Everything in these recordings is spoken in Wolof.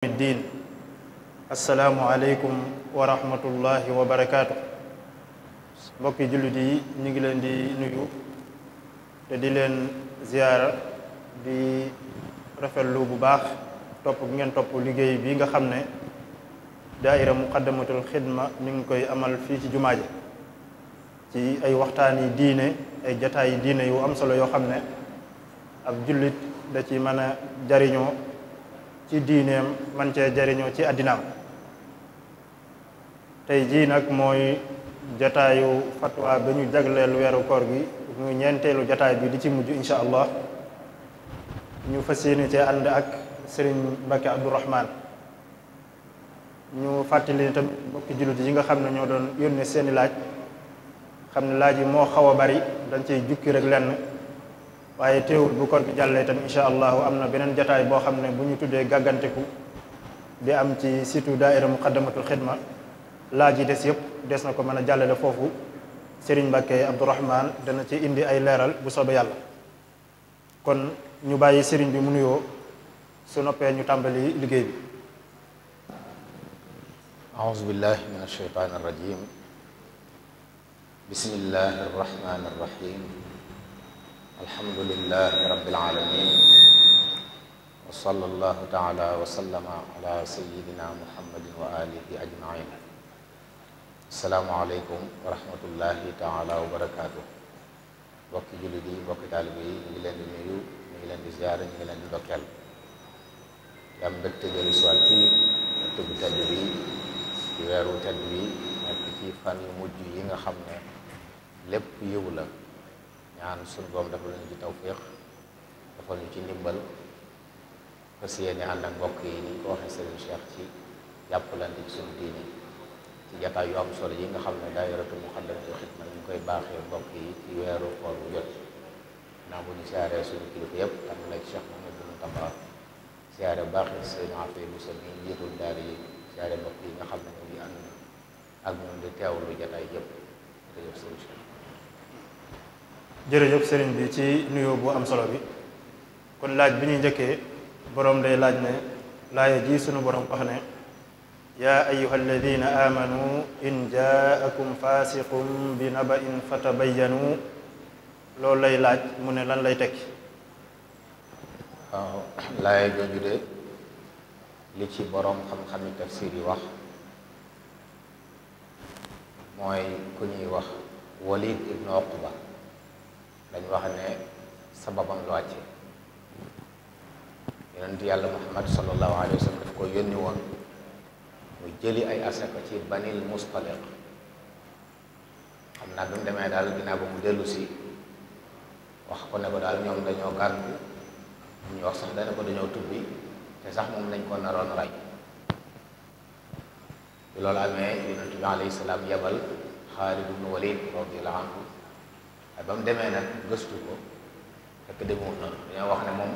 الدين السلام عليكم ورحمة الله وبركاته mbokki jullit yi ñu ngi leen di nuyu te di leen ziyaara di rafetlu bu baax topp ngeen topp liggéey bi nga xam ne daaira muqaddamatul xidma mi ngi koy amal fii ci jumaa ji ci ay waxtaani diine ay jataayi diine yu am solo yoo xam ne ab jullit da ci mën a jariñoo ci diineem man cee jariñoo ci àddinaam tey jii nag mooy jataayu fatwa ba ñu jagleel weeru koor gi muy ñeenteelu jataay bi di ci mujj insha allah ñu fas yéene cee ànd ak sëriñ Mbacke Abdourahman ñu fàttali tam mbokki jullit yi nga xam ne ñoo doon yónnee seeni laaj xam ne laaj yi moo xaw a bari dañ cey jukki rek lenn waaye teewul bu koor bi jàllee itam incha allah am na beneen jataay boo xam ne bu ñu tuddee gàgganteku di am ci surtout daaira muqaddamatul xidma laaj yi des yëpp des na ko mën a jàllale foofu Serigne Mbacke Abdourahman dana ci indi ay leeral bu soobee yàlla kon ñu bàyyi sëriñ bi mu nuyoo su noppee ñu tàmbali liggéey bi أعوذ بالله من الشيطان الرجيم بسم الله الرحمن الرحيم alhamdulilahi rabbil alamin wa sallallahu taala wa sallama ala sayidina muhammadin wa alihi ajmain asalaamualeykum wa rahmatullahi taala wa barakaatu mbokki jullit yi mbokki taalibe yi ñu ngi leen di nuyu ñu ngi leen di ziyaara ñu ngi leen di ndokkeel yam mbégte jëli soit ci ëtt bu tedd bi ci weeru tedd bi nekk ci fan yu mujj yi nga xam ne lépp yiw la ñaan suñu boobu dafa lañu ci tawféex dafa ñu ci ndimbal fas yéene ànd ak mbokk yi ni ñu ko waxee sëriñ Cheikh ci jàppalante ci suñu diine ci jataay yu am solo yi nga xam ne daayiratu Muxaddamatul Xidma ñu koy baaxee mbokk yi ci weeru koor bu jot naa bu ñu siyaaree suñu kilifa yëpp tam la Cheikh Mouhamadou Moustapha yi nga xam ne ñu ngi ànd jërëjëf sëriñ bi ci nuyoo bu am solo bi kon laaj bi ñuy njëkkee boroom day laaj ne laaya ji sunu borom wax ne yaa ayuha alladina amanu in jaakum faasiqum bi nabain fatabayanu loolu lay laaj mu ne lan lay tekki waaw laaya jooju de li ci boroom xam-xami tafsir yi wax mooy ku ñuy wax walid ibnu oqba dañ wax ne sababam lu wàcce yonent yàlla muhammad sallallahu alayhi wa sallam daf ko yónni woon muy jëli ay asaka ci banil mustaliq xam naa bi mu demee daal ginnaaw ba mu dellu wax ko ne ko daal ñoom dañoo gàddu ñu wax sax dana dañoo tubbi te sax moom lañ ko naroon rey loolu amee yonent bi alayhi salaam yabal Xaalid ibnu Walid radiyallahu anhu ba mu demee nag gëstu ko fekk demewul noonu dañoo wax ne moom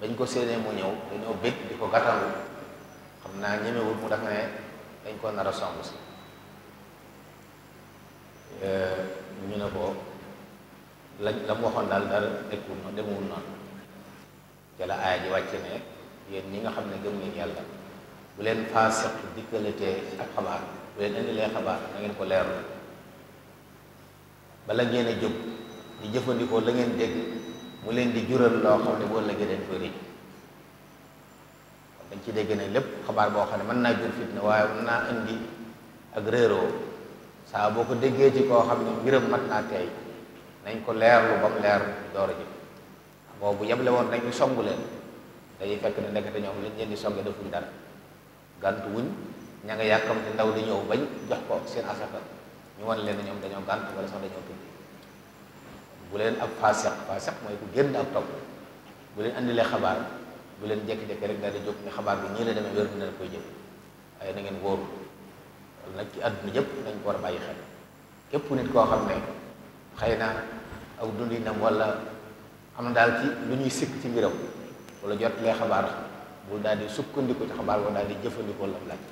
dañ ko séenee mu ñëw dañoo bëgg bi ko gàttandu xam naa ñemewul mu def ne dañ ko nar a song si euh, ñu ne ko lañ la mu waxoon daal dara nekkul noonu demewul noonu ca la aaya ji wàcce ne yéen ñi nga xam ne gëm ngeen yàlla bu leen faasiq dikkalatee ak xabaar bu leen indilee xabaar na ngeen ko leerlu bala ngeen a jóg di jëfandikoo la ngeen dégg mu leen di jural loo xam ne boo lëggee leen koy rëcc dañ ci dégg ne lépp xabaar boo xam ne mën naa jur fitna waaye mën naa indi ak réeroo saa boo ko déggee ci koo xam ne mbiram mat naa tey nañ ko leerlu ba mu leer door ji boobu yable woon nañ ñu song leen day fekk ne ndekete ñoom liñ leen di songe defuñ dara gàntu wuñ ña nga yàkkamte ndaw di ñëw bañ jox ko seen asaka ñu wan leen ne ñoom dañoo gànt wala sax dañoo bu leen ab faasiq faasiq mooy ku génn ab topp bu leen andilee xabaar bu leen jékki-jékki rek daal di jóg ne xabaar bi ñii la demee wér na koy jëf waaye na ngeen wóoru nag ci àdduna yëpp nañ ko war a bàyyi xel képp nit koo xam ne xëy na ak dundinam wala am na daal ci lu ñuy sikk ci mbiram wala jot lee xabaar bul daal di sukkandiku ci xabaar wala daal di jëfandikoo lam laaj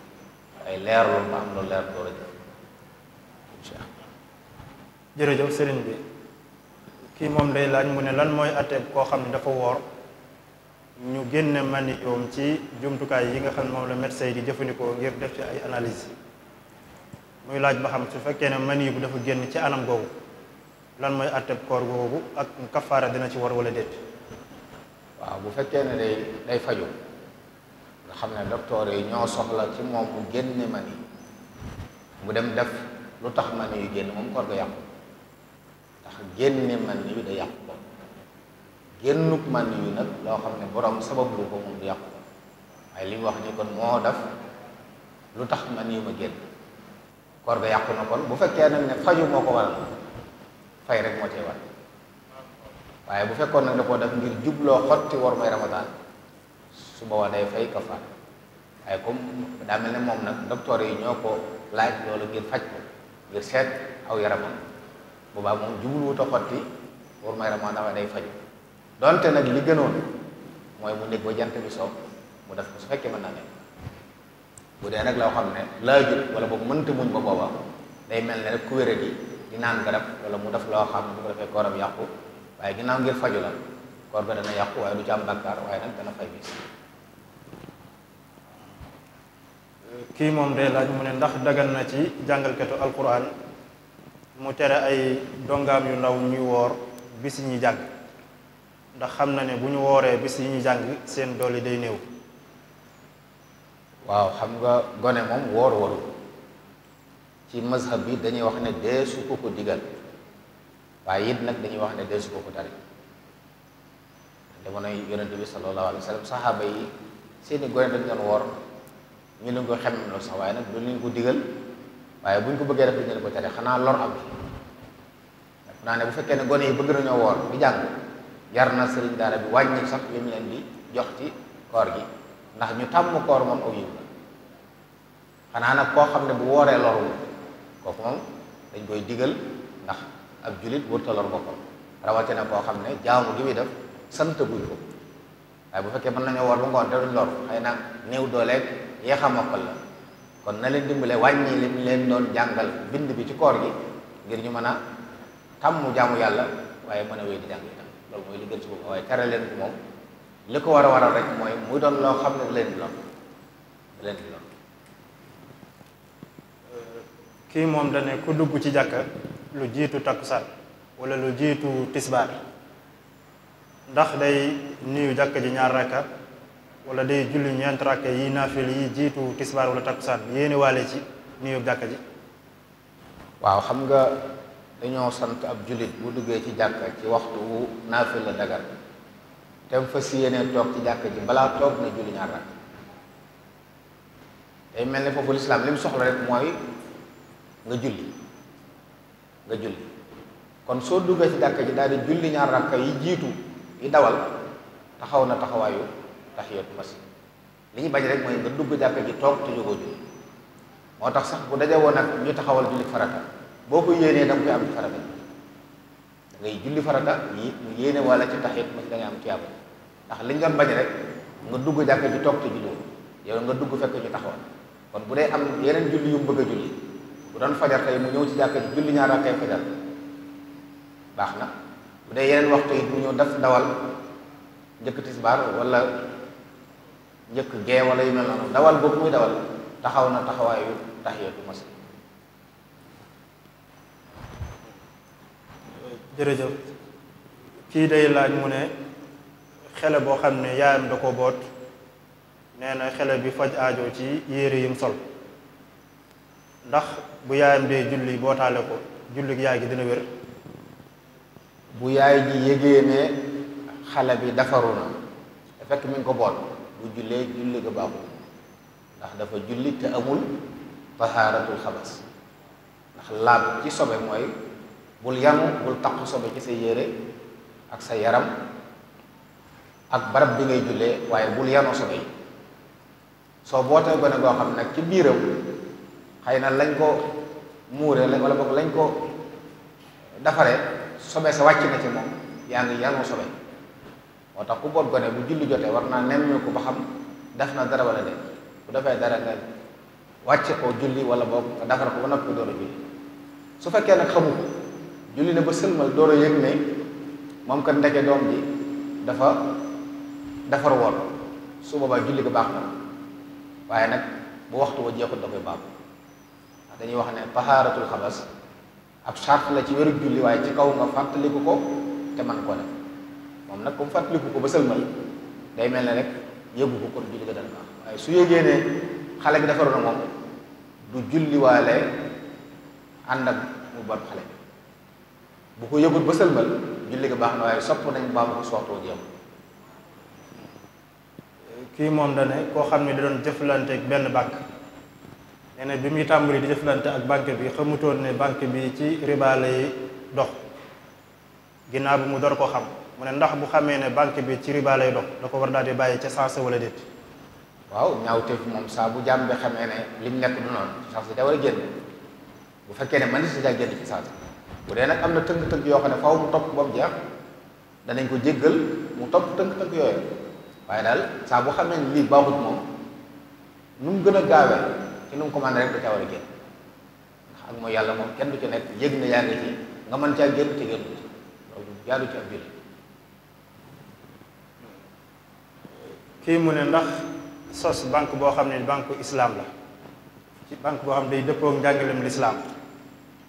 ay leer loolu ma am loolu leer door a jëf jërëjëf sëriñ bi kii moom day laaj mu ne lan mooy atteeb koo xam ne dafa woor ñu génne maniom ci jumtukaay yi nga xam ne moom la médecin yi di jëfandikoo ngir def ci ay analyse muy laaj ba xam su fekkee ne mani bu dafa génn ci anam googu lan mooy atteeb koor googu ak kafaara dina ci war wala déet waaw bu fekkee ne day day faju nga xam ne docteur yi ñoo soxla ci moom mu génne mani mu dem def lu tax mani yu génn moom koor ga yàqu ndax génne man yu da yàqu ko génnuk man yu nag loo xam ne boroom sababu ko moom du yàqu ko waaye li wax ni kon moo def lu tax man yu ma génn koor yàqu na kon bu fekkee nag ne faju moo ko waral fay rek moo cay war waaye bu fekkoon nag da koo def ngir jubloo xotti war may ramadaan su boobaa day fay kafaar waaye comme daa mel ne moom nag docteur yi ñoo ko laaj loolu ngir faj ko ngir seet aw yaramam boobaa moom jubluwut a xotti pour may ramadaan waaye day faju donte nag li gënoon mooy mu nekk ba jant bi soob mu def ko su fekkee mën naa nekk bu dee nag loo xam ne laajut wala boog mënta muñ ba booba day mel ne rek ku wéré di di naan garab wala mu def loo xam ne bu ko kooram yàqu waaye ginnaaw ngir faju la koor ga dana yàqu waaye du ci am bàkkaar waaye nag dana fay bis kii moom de laaj mu ne ndax dagan na ci jàngalkatu alquran mu tere ay dongaam yu ndaw ñuy woor bis yi ñuy jàng ndax xam na ne bu ñu wooree bi yi ñuy jàng seen doole day néew waaw xam nga gone moom woor waru ci mazhab bi dañuy wax ne dee su ko ko digal waaye it nag dañuy wax ne dee su ko ko tere jamono yonente bi sallallahu alayhi wa sallam saxaaba yi seeni gone dañ doon woor ñu leen ko xem loolu sax waaye nag du leen ko digal waaye bu ñu ko bëggee def duñu leen ko tere xanaa lor am def naa ne bu fekkee ne gone yi bëgg nañoo woor di jàng yar na sëriñ daara bi wàññi sax li mu leen di jox ci koor gi ndax ñu tàmm koor moom aw yiw la xanaa nag koo xam ne bu wooree lorul kooku moom dañ koy digal ndax ab julit wërta lor rawatina koo xam ne jaamu gi muy def sant guy ko waaye bu fekkee mën nañoo woor bu ngoon te duñ lor xëy na néew dooleeg yeexa mokkal la kon na leen dimbale wàññi li leen doon jàngal bind bi ci koor gi ngir ñu mën a tàmm jaamu yàlla waaye mën a wéy di jàng itam loolu mooy li gën ci boobu waaye tere leen ko moom li ko war a waral rek mooy muy doon loo xam ne leen di lor leen kii moom dane ku dugg ci jàkka lu jiitu takkusaan walla lu jiitu tisbaar ndax day nuyu jàkka ji ñaar rakka wala day julli ñeent rakk yi naafil yi jiitu tisbaar wala takkusaan yéene waale ci nuyu jàkka ji waaw xam nga dañoo sant ab jullit bu duggee ci jàkka ci waxtu wu naafil te mu fas yéene toog ci ji balaa toog na julli ñaar rakk day mel ni foofu lislaam li soxla rek mooy nga julli nga julli kon soo duggee ci jàkka ji daal di julli ñaar rakk yi jiitu yi dawal taxaw na taxawaayu tax tahiyatul masjid li ñu bañ rek mooy nga dugg jàkka ji toog te jógoo julli moo tax sax bu daje woon ak ñu taxawal julli farata boo ko yéenee da nga am ci farata da ngay julli farata yéene wala ci tahiyatul masjid da ngay am tiyaaba ndax li ñu doon rek nga dugg jàkka ji toog te julliwoo yow nga dugg fekk ñu taxawal kon bu dee am yeneen julli yu mu bëgg a julli bu doon fajar tey mu ñëw ci jàkka ji julli ñaar rakkay fajar baax na bu dee yeneen waxtu yi mu ñëw daf dawal njëkk tisbaar njëkk gee wala yu mel noonu dawal boobu muy dawal taxaw na taxawaayu tahiyatu masjid jërëjëf kii day laaj mu ne xele boo xam ne yaayam da ko boot nee na xele bi faj aajo ci yére yim sol ndax bu yaayam dee julli bootaale ko julli yaay gi dina wér bu yaay ji yégée ne xale bi defaru na fekk mi ngi ko boot bu jullee julli ga baaxul ndax dafa julli te amul tahaaratul xabas ndax laab ci sobe mooy bul yanu bul taqu sobe ci sa yére ak sa yaram ak barab bi ngay jullee waaye bul yanu sobe yi soo bootee gone goo xam nag ci biiram xëy na lañ ko muure wala boog lañ ko defaree sobe sa wàcc na ci moom yaa ngi yanu sobe moo tax ku boot gone bu julli jotee war naa nemmi ko ba xam def na dara wala de bu defee dara nga wàcce ko julli wala boog nga defar ko ba noppi door a julli su fekkee nag xamu ko julli ne ba sëlmal door a yëg ne moom kat ndeke doom ji dafa defar woon su boobaa julli ko baax na waaye nag bu waxtu wa jeexul da koy baax dañuy wax ne tahaaratul xabas ab charte la ci wéru julli waaye ci kaw nga fàttaliku ko te man ko def nag comme fàttaliku ko ba sëlmal day mel ne rek yëgu ko kon julli ga dana baax waaye su yëgee ne xale bi defaroon na moom du julliwaale ànd ak mu ban xale bi bu ko yëgut ba sëlmal julli ga baax na waaye sopp nañ baa ma ko soxtoo jéem kii moom da ne koo xam ne da doon jëflante benn banque nee na bi muy tàmbali di jëflante ak banque bi xamutoon ne banque bi ci riba lay dox ginnaaw bi mu door ko xam mu ne ndax bu xamee ne banque bi ci riba lay dox da ko war daal di bàyyi ca saasa wala déet. waaw ñaawteef moom saa bu jàmm bi xamee ne lim nekk du noonu saa si da war bu fekkee ne man si daa génn ci saasa bu dee am na tënk-tënk yoo xam ne faaw mu topp ba mu jeex danañ ko jéggal mu topp tënk-tënk waaye daal saa bu xamee ne lii baaxut moom mu gën a gaawee ci nu mu rek da caa war a génn ndax ak mooy yàlla moom kenn du ci nekk yëg na yaa ngi ci nga mën caa génn te génn ci loolu jaadu ci ab jullit kii mu ne ndax sos banque boo xam ne banque islaam la ci banque boo xam ne day dëppoog njàngalem lislaam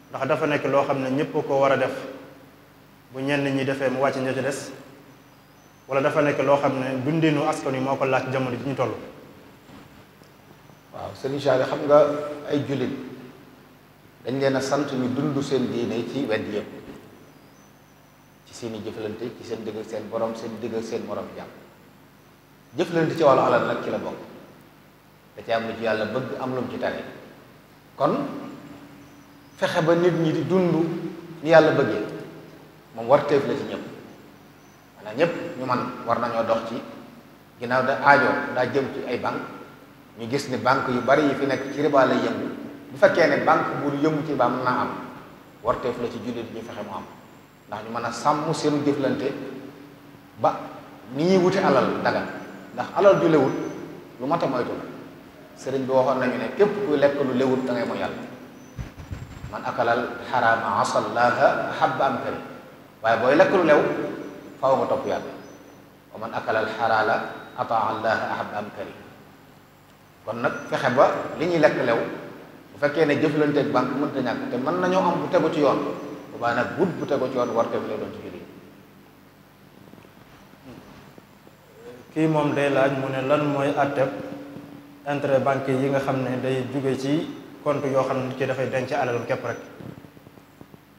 ndax dafa nekk loo xam ne ñëpp ko war a def bu ñenn ñi defee mu wàcc ña ci des wala dafa nekk loo xam ne dundinu askan wi moo ko laaj jamono ji ñu toll. waaw sëriñ yi xam nga ay jullit dañ leen a sant ñu dund seen diine ci wedd yëpp ci seen i jëflante ci seen digg seen borom seen digg seen morom jàmm. jëflante ci wàllu alal nag ci la bokk da ci am lu ci yàlla bëgg am lu ci tàgge kon fexe ba nit ñi di dund ni yàlla bëggee moom warteef la ci ñëpp maanaam ñëpp ñu man war nañoo dox ci ginnaaw da aajo daa jëm ci ay banque ñu gis ni banque yu bari yi fi nekk ci riba lay yëngu bu fekkee ne bank bu yëngu ci riba mën naa am warteef la ci jullit ñu fexe mu am ndax ñu mën a sàmm seenu jëflante ba ni ñuy wute alal dagan ndax alal ju lewut lu mat a moytu la sëriñ bi waxoon nañu ne képp ku lekk lu lewut da ngay mu yàlla man akalal xaraama asallaaha habba am kari waaye booy lekk lu lew faaw nga topp yàlla wa man akalal xaraala ataa allaaha habba am kari kon nag fexe ba li ñuy lekk lew bu fekkee ne jëflanteeg banque mënta ñàkk te mën nañoo am bu tegu ci yoon bu baax nag but bu tegu ci yoon war te bi lay doon ci kii moom day laaj mu ne lan mooy àtteb intérêt banque yi nga xam ne day jóge ci compte yoo xam ne nit ki dafay denc alalam kepp rek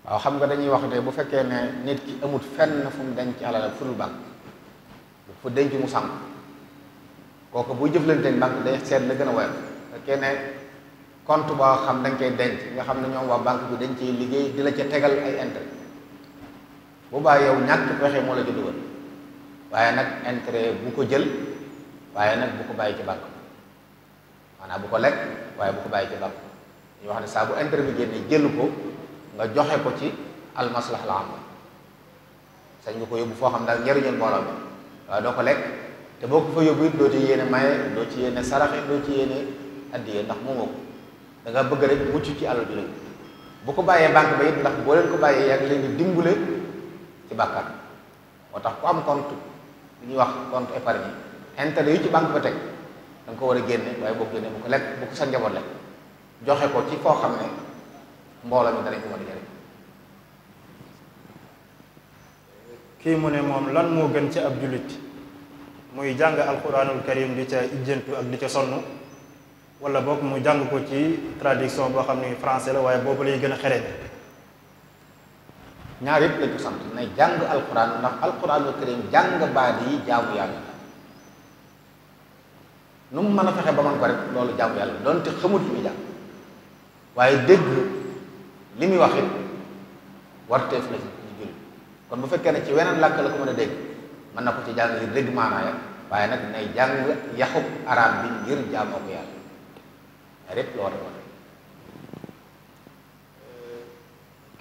waaw xam nga dañuy wax de bu fekkee ne nit ki amut fenn fu mu denc alalam fu dul banque fu denc mu sànq kooku buy jëflanteeg banque day seet la gën a woyal fekkee ne compte boo xam dañ koy denc nga xam ne ñoom waa banque bi dañ ciy liggéey di la ca tegal ay intérêt bu baax yow ñàkk pexe moo la ci dugal waaye nag intérêt bu ko jël waaye nag bu ko bàyyi ci banque maanaam bu ko lekk waaye bu ko bàyyi ci banque ñu wax ne saa bu intérêt bi génne jël ko nga joxe ko ci almaslah la am sañ ko yóbbu foo xam daal njëriñul mbooloo mi waaye ko lekk te boo ko fa yóbbu it doo ci yéene maye doo ci yéene saraxe doo ci yéene addiye ndax moomoo ko da nga bëgg rek mucc ci alal bi bu ko bàyyee banque ba it ndax boo leen ko bàyyee yaa ngi leen di dimbale ci bàkkaar moo tax ku am compte ñuy wax compte épargne intérêt yu ci bànk ba teg da ko war a génne waaye boo génne bu ko lekk bu ko sa njaboot lekk joxe ko ci foo xam ne mbooloo mi danañ ko mën a jëriñ kii mu ne moom lan moo gën ci ab jullit muy jàng alquranul karim di ca ijjantu ak di ca sonn wala boog mu jàng ko ci traduction boo xam ne français la waaye boobu lay gën a xereñ ñaar yëpp lañ ko sant na jàng alquran ndax alquranul karim jàng baat yi jaamu yàlla la nu mu mën a fexe ba man ko rek loolu jaamu yàlla doonte xamut li muy jàng waaye dégg li muy wax it warteef la ci julli kon bu fekkee ne ci weneen làkk la ko mën a dégg mën na ko ci jàng ngir dégg maanaaya waaye nag nay jàng yaxub arab bi ngir jaamoo ko yàlla rek loolu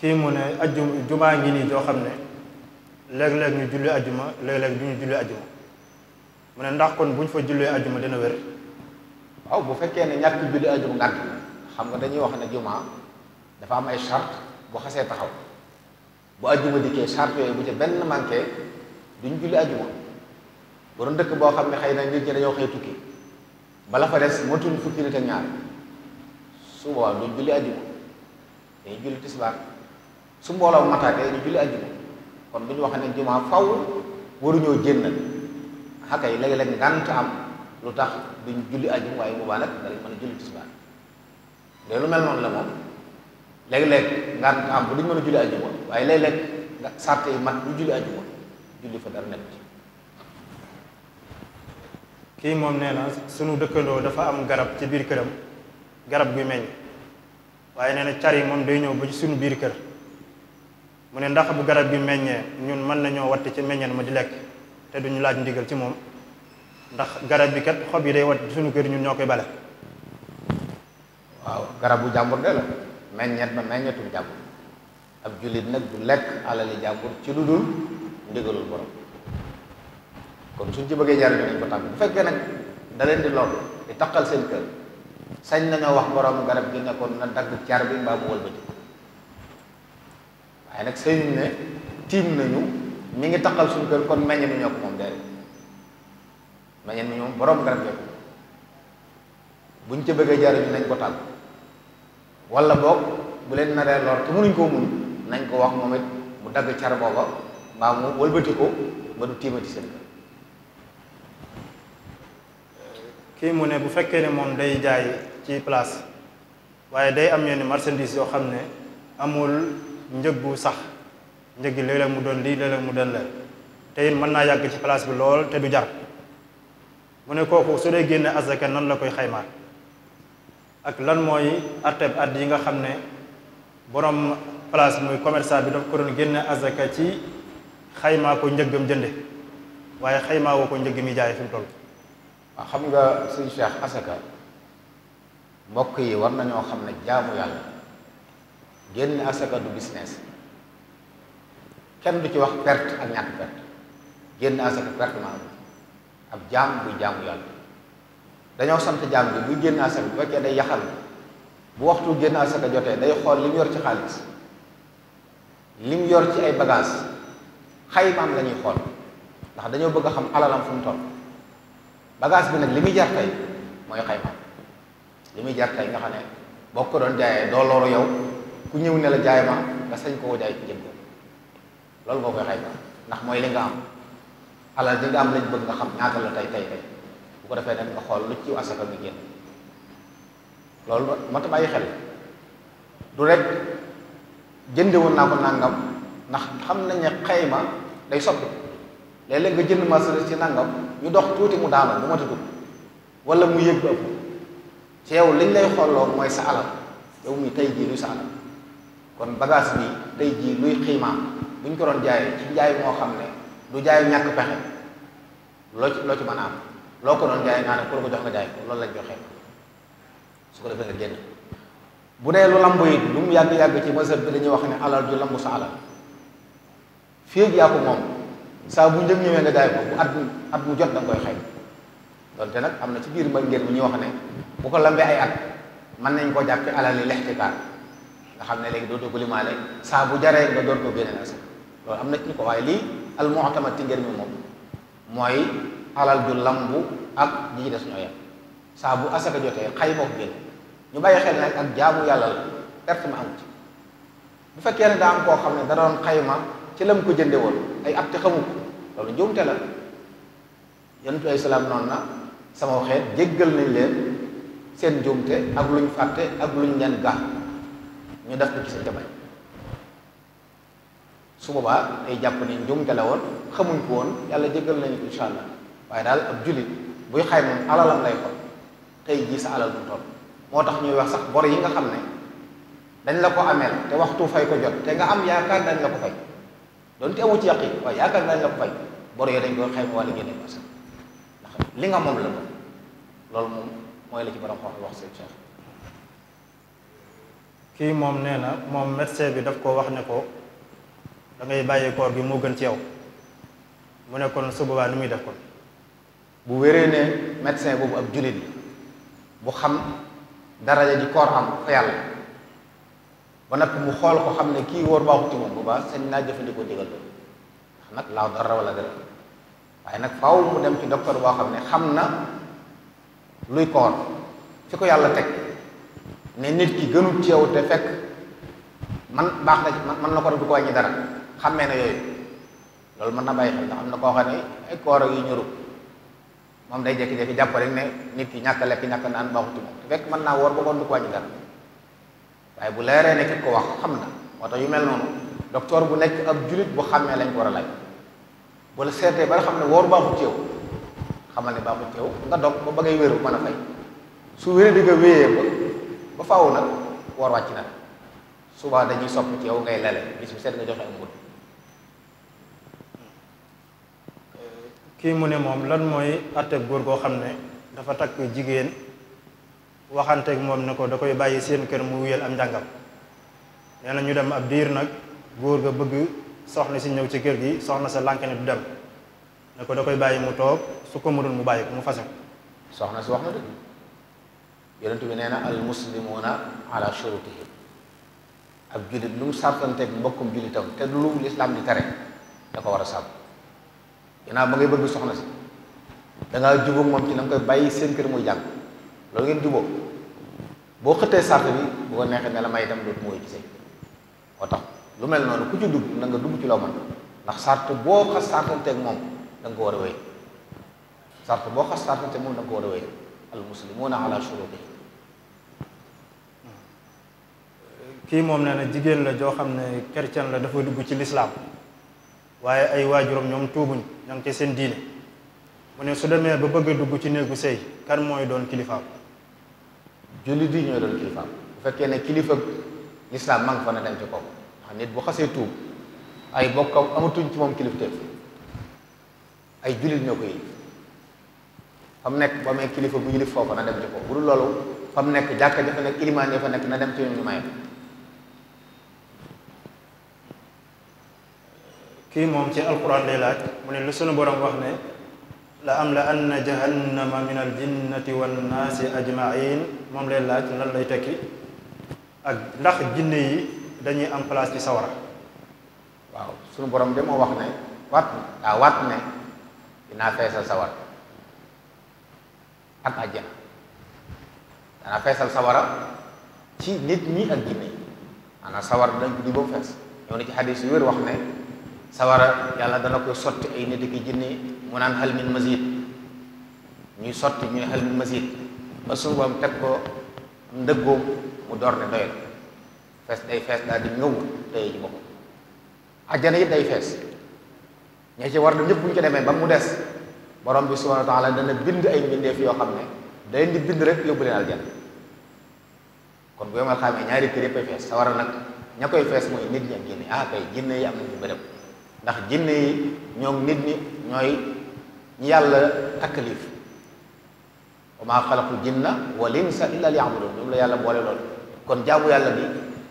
kii mu ne aju jumaa ngi nii joo xam ne léeg-léeg ñu julli ajuma léeg-léeg du ñu julli ajuma mu ne ndax kon bu ñu fa jullee ajuma dina wér waaw bu fekkee ne ñàkk julli ajuma xam nga dañuy wax ne jumaa dafa am ay charte bu xasee taxaw bu ajuma dikkee charte yooyu bu ca benn manqué duñ julli ajuma bu doon dëkk boo xam ne xëy na nit ñi dañoo xëy tukki bala fa des motuñ fukki nit ak ñaar su boobaa duñ julli ajuma dañuy julli tisbaar su mbooloo mataatee ñu julli ajjuma kon bu ñu wax ne jumaa faw waruñoo génn xaka yi léeg-léeg ngànt am lu tax duñ julli ajjuma waaye boobaa nag danañ lu mel noonu la moom léeg-léeg ngànt am bu duñ mën a julli ajjuma waaye léeg-léeg sàrt yi mat ñu julli ajjuma julli fa dara nekk ci kii moom nee sunu dëkkandoo dafa am garab ci biir këram garab gi meññ waaye nee na car yi moom day ñëw ba ci sunu biir kër mu ne ndax bu garab gi meññee ñun mën nañoo watt ci meññeen ma di lekk te duñu laaj ndigal ci moom ndax garab bi kat xob yi day watt suñu kër ñun ñoo koy bale waaw garabu jàmbur de la meññet ba meññetum jàmbur ab jullit nag du lekk alale jàmbur ci lu dul borom kon suñ ci bëggee jariñu nañ ko tàmm bu fekkee nag da leen di loolu di taqal seen kër sañ nañoo wax borom garab gi ne na dagg car bi mbaa mu waaye nag sëñ ne tiim nañu mi ngi taqal suñu kër kon meññ mi ñoo ko moom déedéet meññ mi ñoom borom garab yooyu buñ ca bëggee jariñu nañ ko tàgg walla boog bu leen naree lor te mënuñ koo mun nañ ko wax moom it mu dagg car booba mbaa mu wëlbati ko ba du tiimati seen kër. kii mu ne bu fekkee ne moom day jaay ci place waaye day am yenn marchandise yoo xam ne amul. njëg bu sax njëg gi mu doon lii léeg mu doon la te mën naa yàgg ci place bi lool te du jar mu ne kooku su dee génne azaka nan la koy xaymaa ak lan mooy atteb at yi nga xam ne borom place muy commerçant bi daf ko doon génne azaka ci xaymaa ko njëggam jënde waaye xaymaa woo ko njëgg mi jaay fi mu toll waaw ah, xam nga suñu Cheikh asaka mbokk yi war nañoo xam ne jaamu yàlla génn asaka du business kenn du ci wax perte ak ñàkk perte génn asaka perte maa ab jaam buy jaamu yàlla dañoo sant jaam bi buy génn asaka bu fekkee day yaxal bu waxtu génn asaka jotee day xool li mu yor ci xaalis li mu yor ci ay bagage xaymaam la ñuy xool ndax dañoo bëgg a xam alalam fu mu toll bagage bi nag li muy jar mooy xaymaam li muy jar tey nga xam ne boo ko doon jaayee doo loru yow ku ñëw ne la jaay ma nga sañ koo jaay jëm ko loolu moo koy xayma ndax mooy li nga am alal li nga am lañ bëgg nga xam ñaata la tey tey tey bu ko defee nag nga xool lu ci asaka nga génn loolu moo tax bàyyi xel du rek jënde woon naa ko nangam ndax xam nañ ne xayma day soppi léeg-léeg nga jënd marchandise ci nangam ñu dox tuuti mu daanoo bu matatu wala mu yëg ëpp ci yow liñ lay xolloo mooy sa alal yow mi tey jii luy sa alal kon bagage bi tey jii luy xiimaam bu ñu ko doon jaayee ci jaay moo xam ne lu jaay ñàkk pexe loo ci loo ci man a am loo ko doon jaay naa ne pour ko jox nga jaay ko loolu lañ joxe su ko defee nga bu dee lu lamb yi lu mu yàgg-yàgg ci masal bi dañuy wax ne alal ju lamb sa alal fii yaa moom saa bu njëg ñëwee nga jaay ko bu at at mu jot da nga koy xëy donte nag am na ci biir mbay ngeen bu ñuy wax ne bu ko lambee ay at mën nañ koo jàppe alal yi lex nga xam ne léegi dootoo ko limaale saa bu jaree nga door ko génne asaka loolu am na ci ko waaye lii al mu'tamad ci njëriñ moom mooy alal ju lambu ak ñi ci des ñoo yem saa bu asaka jotee xay ko génne ñu bàyyi xel nag ak jaamu yàlla la perte ma amut bu fekkee ne daa am koo xam ne da doon xayma ci la ko jënde woon ay at te xamu ko loolu njuumte la yonentu ay salaam noonu na sama waxeet jéggal nañ leen seen njuumte ak luñ fàtte ak luñ leen gàx ñu def ko ci seen jabaay su boobaa day jàpp ne njuumte la woon xamuñ ko woon yàlla jéggal nañu ko incha allah waaye daal ab jullit buy xay moom alalam lay xool tey jii sa alal du toll moo tax ñuy wax sax bor yi nga xam ne dañ la ko ameel te waxtu fay ko jot te nga am yaakaar dañ la ko fay donte amu ci yàqi waaye yaakaar dañ la ko fay bor yooyu dañ koy xayma wala génne li nga moom la loolu moom mooy la ci borom xam wax seen cheikh kii moom nee na moom médecin bi daf ko wax ne ko dangay ngay bàyyi koor gi moo gën ci yow mu ne kon su boobaa nu muy def kon bu wéree ne médecin boobu ab jullit bu xam daraja ji koor xam fa yàlla ba nag mu xool ko xam ne kii wóor baaxut ci moom boobaa sañ naa jëfandikoo digal loolu ndax nag laaw dara wala dara waaye nag faw mu dem ci docteur boo xam ne xam na luy koor fi ko yàlla teg ne nit ki gënul ci te fekk man baax na man mën na ko def du ko wàññi dara xàmmee na yooyu loolu mën na bàyyi xel ndax am na koo xam ne ay koor yu ñorul moom day jékki-jékki jàpp rek nit ki ñàkk a lekk ñàkk naan baaxut fekk mën naa woor ba woon du ko wàññi dara waaye bu leeree ne ko wax xam na moo yu mel noonu docteur bu nekk ak julit bu xàmmee lañ ko war a laaj bu la seetee ba nga xam ne woor baaxut ci yow xamal ne baaxut teew yow nga dog ba ba wér bu mën a fay su wéree di nga wéyee ba ba faaw nag war wàcc na suba dañuy sopp ci yow ngay lale bis bu set nga joxe am mbudd kii mu ne moom lan mooy àtte góor goo xam ne dafa takk jigéen waxanteeg moom ne ko da koy bàyyi seen kër mu wuyal am njàngam nee na ñu dem ab diir nag góor ga bëgg soxna si ñëw ci kër gi soxna sa lànk ne du dem ne ko da koy bàyyi mu toog su ko mënul mu bàyyi ko mu fase ko soxna si wax na dëgg yonent bi nee na al muslimuuna ala shurutihim ab jullit lu mu sàrtanteeg mbokkum jullitam te lu mu lislaam di tere da ko war a sàmm ginnaaw ba ngay bëgg soxna si da ngaa jubóog moom ci na nga koy bàyyi seen kër muy jàng loolu ngeen jubóog boo xëttee sàrt bi bu ko neexee ne la may dem dootu mooy gisee moo tax lu mel noonu ku ci dugg na dugg ci loo mën ndax sàrt boo xas sàrtanteeg moom da ko war a wéy sàrt boo xas sàrtanteeg moom da ko war a wéy al muslimuuna ala shurutihim kii moom nee na jigéen la joo xam ne chrétien la dafa dugg ci lislaam waaye ay waajuram ñoom tuubuñ ña ngi ci seen diine mu ne su demee ba bëgg dugg ci néegu sëy kan mooy doon kilifaam jullit yi ñooy doon bu fekkee ne kilifa lislaam ma nga fa ne xasee tuub ay ci moom kilifteef ay jullit ñoo koy fam nekk ba amee kilifa bu yilif foofa na dem ci ko bu dul loolu fam nekk jàkka ja fa nekk ilimaan ya fa nekk na dem ci ñu may kii moom ci alquran lay laaj mu ne lu sunu borom wax ne la am la anna jahannama min al jinnati wannaasi ajmain moom lay laaj lan lay tekki ak ndax jinne yi dañuy am place ci sawara waaw sunu borom de moo wax ne waat daa waat ne dinaa feesal sawar ak àjjana danaa feesal sawara ci nit ñi ak jinne yi maanaam sawar dañ ko di boobu fees ñëw na ci xadis yu wax ne sawara yàlla dana koy sotti ay nit ki jinne mu naan hal min mazid ñuy sotti ñuy hal min mazid ba suñu teg ko ndëggoom mu door ne doyal fees day fees daal di ñëw doye ji boppam àjjana it day fees ñee ci war da ñëpp bu ñu ci demee ba mu des borom bi subhanahu wa taala dana bind ay mbindeef yoo xam ne day di bind rek yóbbu leen aljana kon bu yomal xaamee ñaari kër yëpp ay fees sawara nag ña koy fees mooy nit ñi ak jinne ah kay jinne yi am nañu bërëb ndax jinne yi ñoom nit ñi ñooy ñi yàlla takkaliif wa maa xalaqul jinna wal insa illa liya'budun ñoom la yàlla boole loolu kon jaamu yàlla bi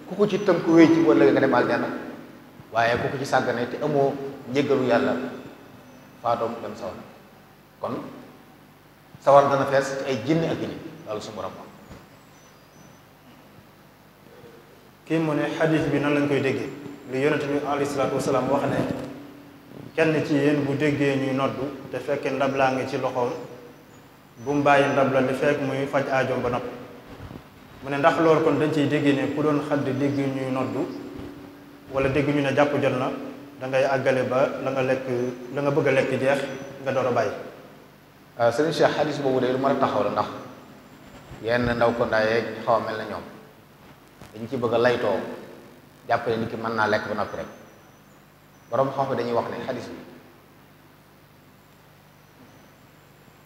ku ko ci tënku wéy ci wala ko ci sàggane te amoo yàlla faatoom dem sawar kon sawar dana fees ay jinne ak nit loolu su borom kii mu ne xadis bi nan lañ koy déggee lu yonent bi alayhi salaatu wasalaam wax ne kenn ci yéen bu déggee ñuy noddu te fekk ndab laa ngi ci loxoom bu mu bàyyi ndab la li fekk muy faj aajoom ba nopp mu ne ndax loolu kon dañ ciy déggee ne ku doon xadd dégg ñuy noddu wala dégg ñu ne jàpp jot na da ngay àggale ba la nga lekk la nga bëgg a lekk jeex nga door a bàyyi. waaw ah, sëriñ Cheikh xadis boobu de lu mën a taxaw la ndax yenn ndaw ko ndaayee xaw a mel na ñoom dañ ci bëgg a laytoo. jàppale nit ki mën naa lekk ba noppi rek borom xam dañuy wax ne xadis bi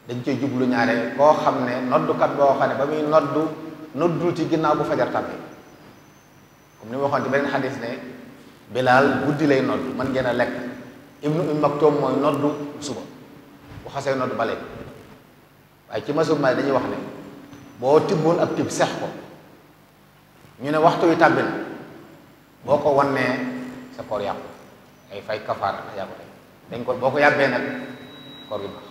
dañ cee jublu ñaare koo xam ne noddukat boo xam ne ba muy noddu noddul ci ginnaaw bu fajar tàmbee comme ni ma waxoon ci beneen xadis ne bilaal buddi lay noddu man ngeen a lekk ibnu um maktoom mooy noddu suba bu xasee noddu bale waaye ci masub maay dañuy wax ne boo tibboon ab tib sex ko ñu ne waxtu wi tàbbi na boo ko wannee sa koor yàqu ay fay kafaara na yàqu dañ ko boo ko yàbbee nag koor gi baax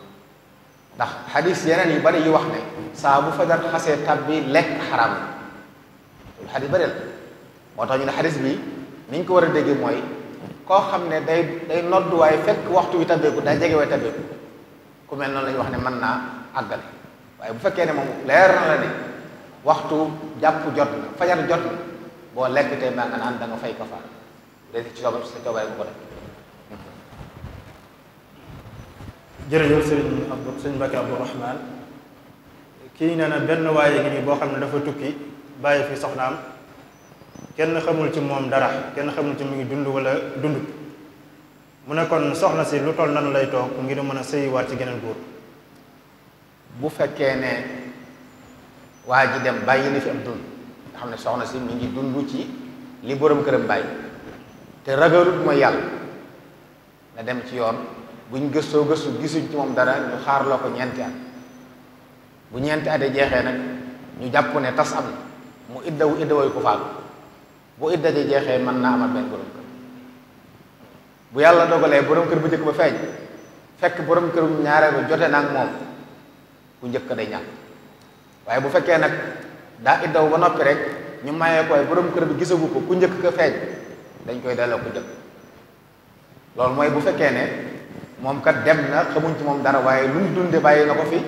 ndax xadis yeneen yi bari yu wax ne saa bu fajar xasee tab bi lekk xaraam bari la moo tax ñu ne xadis bi ni ko war a déggee mooy koo xam ne day day nodd waaye fekk waxtu wi tabbeeku day jege way tabbeeku ku mel noonu la wax ne mën naa àggale waaye bu fekkee ne moom leer na la ne waxtu jàpp jot na fajar jot na boo lekk tey maa naan da nga fay kafaara léegi ci cooba sa ko def. jërëjëf sëriñ Abdou sëriñ Mbacke kii nee na benn waaye gi nii boo xam ne dafa tukki bàyyi fi soxnaam kenn xamul ci moom dara kenn xamul ci mu ngi dund wala dund mu ne kon soxna si lu toll nanu lay toog ngir mën a sëyiwaat ci geneen góor. bu fekkee ne waa ji dem bàyyi na fi am dund. xam ne soxna si mu ngi dund ci li borom këram bàyyi te ragalut mooy yàlla na dem ci yoon buñ gëstoo gëstu gisuñ ci moom dara ñu xaar loo ko ñeenti at bu ñeenti at jeexee nag ñu jàpp ne tas am na mu iddawu iddawooyu ko faatu bu idda jeexee mën naa amal benn borom kër bu yàlla dogalee borom kër bu njëkk ba feeñ fekk borom kër bu ñaareel ba jote na ak moom ku njëkk day ñàkk waaye bu fekkee nag daa iddaw ba noppi rek ñu mayee koy borom kër bi gisagu ko ku njëkk ka feeñ dañ koy delloo ko njëkk loolu mooy bu fekkee ne moom kat dem na xamuñ ci moom dara waaye lu mu dunde na ko fi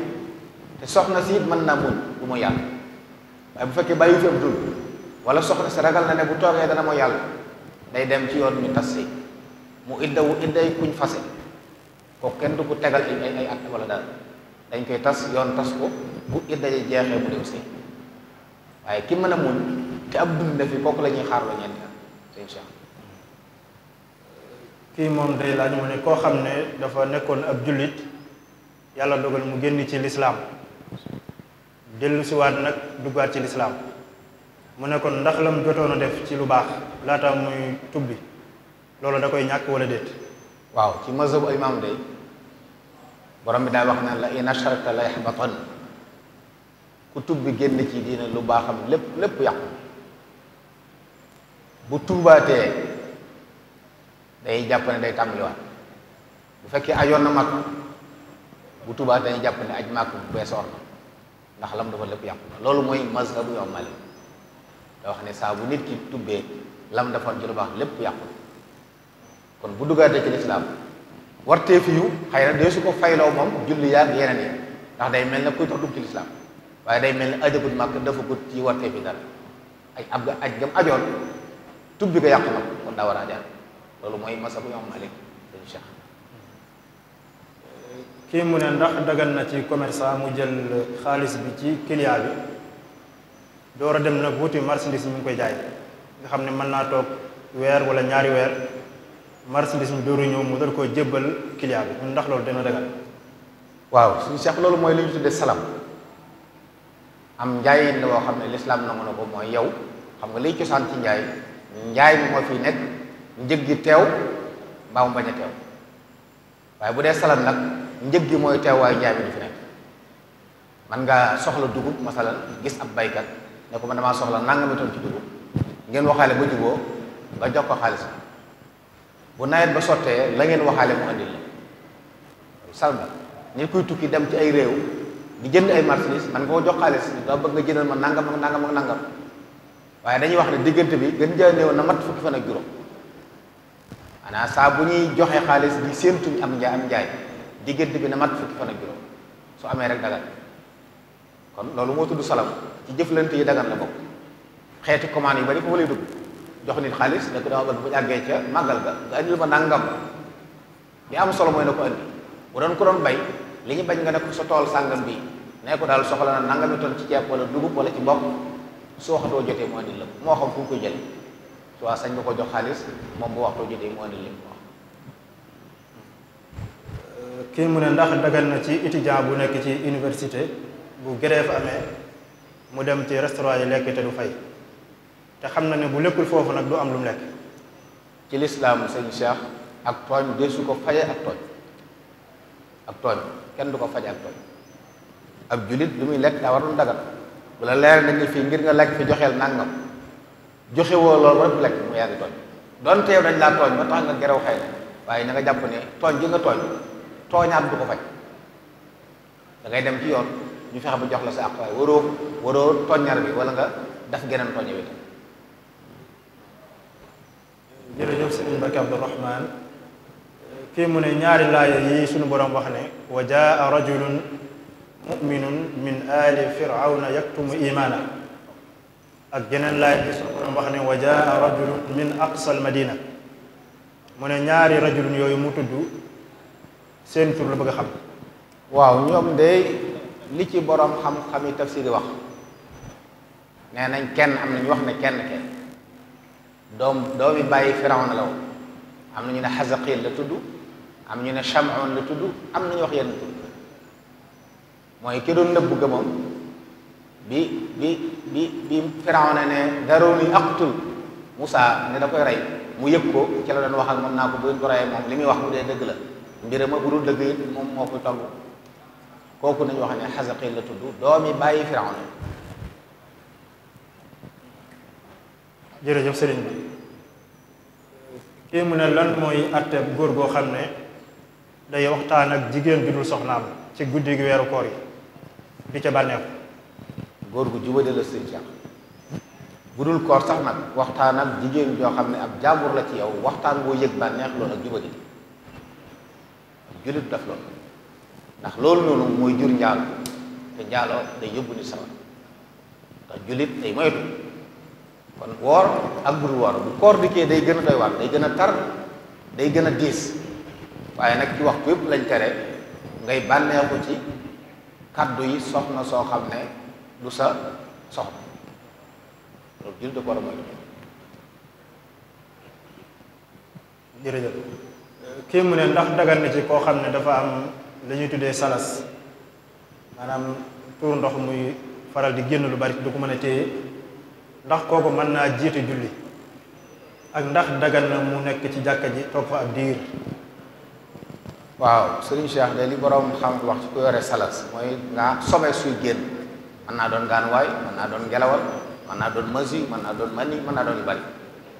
te soxna si mën naa muñ du mu yàlla waaye bu fekkee bàyyi fi ab dund wala soxna si ragal na ne bu toogee dana mu yàlla day dem ci yoon ñu tas si mu iddawu idday kuñ fase ko kenn du ko tegal ay ay at wala daal dañ koy tas yoon tas ko bu idda yi jeexee mu dem si waaye ki mën a muñ te ab dund na fi kooku la ñuy xaar la ñeenti at kii moom day laaj mu ne koo xam ne dafa nekkoon ab jullit yàlla dogal mu génn ci lislaam dellu siwaat nag duggaat ci lislaam mu nekkoon kon ndax lam jotoon a def ci lu baax laata muy tubbi loolu da koy ñàkk wala déet waaw ci mazhabu imaam day borom bi daa wax naan la in asharta la ku tubbi génn ci diina lu baaxam lépp lépp yàqu bu tuubaatee day jàpp ne day tàmbaliwaat bu fekkee ajoon na mag bu tuubaatee day jàpp ne aj màkk bu beesoor na ndax lam dafa lépp yàqu na loolu mooy mazhabu yow mali da wax ne saa bu nit ki tubbee lam defoon ci lu baax lépp yàqu kon bu duggaatee ci lislaam wartee fiyu xëy na dee su ko fayloo moom julli yaag yeneen yi ndax day mel ne kuy tax dugg ci lislaam waaye day mel ni ajagut màkk dafa gut ci wartee fi dara ay ab ga aj gam ajoon tub bi ko yàqu na kon war a ajaat loolu mooy masa bu ñoom Malik dañu Cheikh kii mu ne ndax dagal na ci commerçant mu jël xaalis bi ci client bi door a dem nag wuti marchandise mi ngi koy jaay nga xam ne mën naa toog weer wala ñaari weer marchandise mi dooru ñëw mu door koo jëbbal client bi ndax loolu dana dagal waaw suñu Cheikh loolu mooy li tuddee salam am njaayin la woo xam ne lislaam nangu na ko mooy yow xam nga liy cosaan ci njaay njaay mi moo fii nekk njëg gi teew mbaa mu bañ a teew waaye bu dee salan nag njëg gi mooy teew njaay mi du nga soxla dugub masalan gis ab baykat ne ko man damaa soxla nangami ton ci dugub ngeen waxaale ba juboo nga jox ko xaalis bu nawet ba sottee la ngeen waxaale mu andil la salan nag nit kuy tukki dem ci ay réew di jënd ay marchandises man nga ko jox xaalis nga bëgg nga jëndal ma nangam ak nangam ak nangam waaye dañuy wax ne diggante bi gën jaa néew na mat fukki fan ak juróom maanaam saa bu ñuy joxee xaalis di séentu am njaay am njaay diggante bi na mat fukki fan ak juróom su amee loolu moo tudd salam ci jëflante yi dagan la bokk xeeti commande yi bari dugg jox nit xaalis ne ko dama bëgg bu ñu àggee nangam li am solo mooy na ko indi bu doon ko doon bay li ñu bañ nga ne ko sa tool sàngam bi ne ko daal soxla na nangami ton ci ceeb wala dugub wala ci bopp su waxtoo jotee moo andil la moo xam fu mu ko sañ nga ko jox xaalis moom bu waxtoo jotee mu andil la kii mu ne ndax dagal na ci étudiant bu nekk ci université bu grève amee mu dem ci restaurant yi lekk te du fay te xam na ne bu lekkul foofu nag du am lu mu lekk. ci lislaam sëñ Cheikh ak tooñ deesu ko faye ak tooñ ak tooñ. kenn du ko fajal tooñ ab julit lu muy lekk daa warul dagal bu la leer nañ ni fii ngir nga lekk fi joxeel nangam joxe woo loolu rek lekk mu yaa ngi tooñ donte yow dañ laa tooñ ba tax nga gerew xëy waaye na nga jàpp ne tooñ gi nga tooñ tooñaat du ko faj da dem ci yoon ñu fexe ba jox la sa àq waaye waroo waroo tooñar bi wala nga def geneen tooñ yow itam jërëjëf sëñ Mbacke Abdourahmane fii mu ne ñaari laaya yi suñu borom wax ne wa jaa rajulun muminun min ali firawna yaktumu imaana ak geneen laaya yi suñu boroom wax ne wa jaa rajulun min aqsal madina mu ne ñaari rajulun yooyu mu tudd seen tur la bëgg a xam waaw ñoom day li ci boroom xam-xami tafsiri wax nee nañ kenn am na ñu wax ne kenn ke doom doomi bàyyi firawna la woon am na ñu ne xasaqil la tuddu am ñu ne chamoon la tudd am nañu wax yenn tudd mooy ki doon nëbb ga moom bi bi bi Firawna ne daruni aqtul Musa ne da koy rey mu yëg ko ci la doon wax ak moom naa ko bu ngeen ko moom li muy wax bu dee dëgg la mbirama bu dul dëgg it moom moo koy togg kooku nañu wax ne Xasaqil la tudd doomi bàyyi Firawna jërëjëf sëriñ bi kii mu ne lan mooy bu góor goo xam ne day waxtaan ak jigéen ju dul soxnaam ci guddi gi weeru koor yi di ca bànneeku góor gu jubade la sëñ Cheikh bu dul koor sax nag waxtaan ak jigéen joo xam ne ab jàmbur la ci yow waxtaan boo yëg bànneex loolu ak jubadi ak julit daf loolu ndax loolu noonu mooy jur njaalo te njaaloo day yóbbu ni sawar ndax julit day moytu kon woor ak budul woor bu koor dikkee day gën a doy waar day gën a tar day gën a diis waaye nag di wax ko yëpp lañ tere ngay bànneexu ci kàddu yi soxna soo xam ne du sa soxna loolu jur da kii mu ne ndax dagan na ci koo xam ne dafa am lañuy ñuy tuddee salas maanaam tuur ndox muy faral di génn lu bari du ko mën a téye ndax kooku mën naa jiita julli ak ndax dagan na mu nekk ci jàkka ji toog fa diir waaw sëriñ Cheikh de li borom xam wax ci ku yore salas mooy nga sobe suy génn mën naa doon gaanuwaay mën naa doon ngelawal mën naa doon masi mën naa doon mani mën naa doon yu bari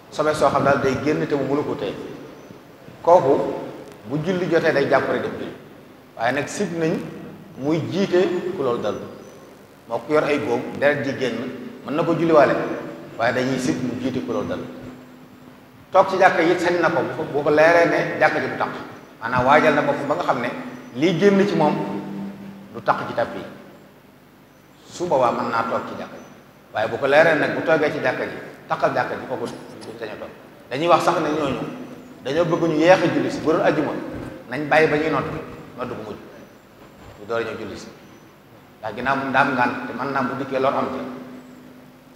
sobe soo xam daal day génn te mu mënu ko tey kooku bu julli jotee day jàpp rek dem julli waaye nag sib nañ muy jiite ku loolu dal moo ku yor ay góom deret ji génn mën na ko julliwaale waaye dañuy sib mu jiite ku loolu dal toog ci jàkka yit sañ na ko bu ko leeree ne maanaam waajal na boppam ba nga xam ne lii génn ci moom du taq ci tàpp yi su boobaa mën naa tool ci jàkka ji waaye bu ko leeree nag bu toogee ci jàkka ji taqal jàkka ji kooku dañoo toog dañuy wax sax ne ñooñu dañoo bëgguñu ñu a julli si bu doon ajjuma nañ bàyyi ba ñuy nodd nodd bu mujj ñu door a julli si ndax ginnaaw mu daam ngaan te mën naa bu dikkee lor am te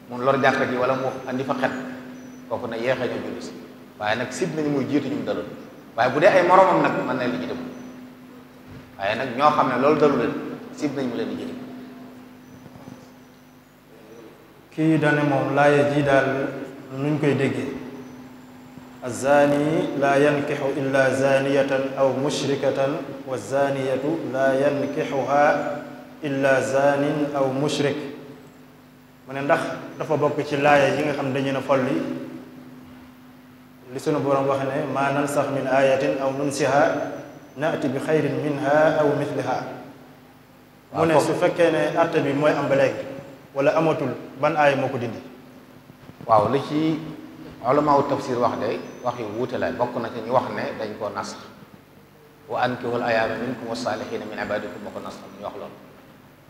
mun lor jàkka ji wala mu indi fa xet kooku na yeex a ñëw julli si waaye nag sib nañu muy jiitu ñu waaye bu dee ay moromam nag mën na li ñu waaye nag ñoo xam ne loolu dalu leen sib nañ mu leen di jëriñ kii dane moom laaya ji daal nuñ koy déggee azani laa yankixu illa zaniyatan aw mushrikatan wa zaniyatu laa yankixuha illa zanin aw mushrik mu ne ndax dafa bokk ci laaya yi nga xam dañu ne folli li sunu borom wax ne maa nansax min ayatin aw nunsiha naati bi xayrin minha aw misliha mu ne su fekkee ne àtte bi mooy am ba léegi wala amatul ban aaya moo ko dindi waaw li ci ulamaaw tafsir wax de wax yu wuute la bokk na ci ñu wax ne dañ koo nasax wa ankihul ayaama minkum wa saalihiina min ibaadikum moo ko wax loolu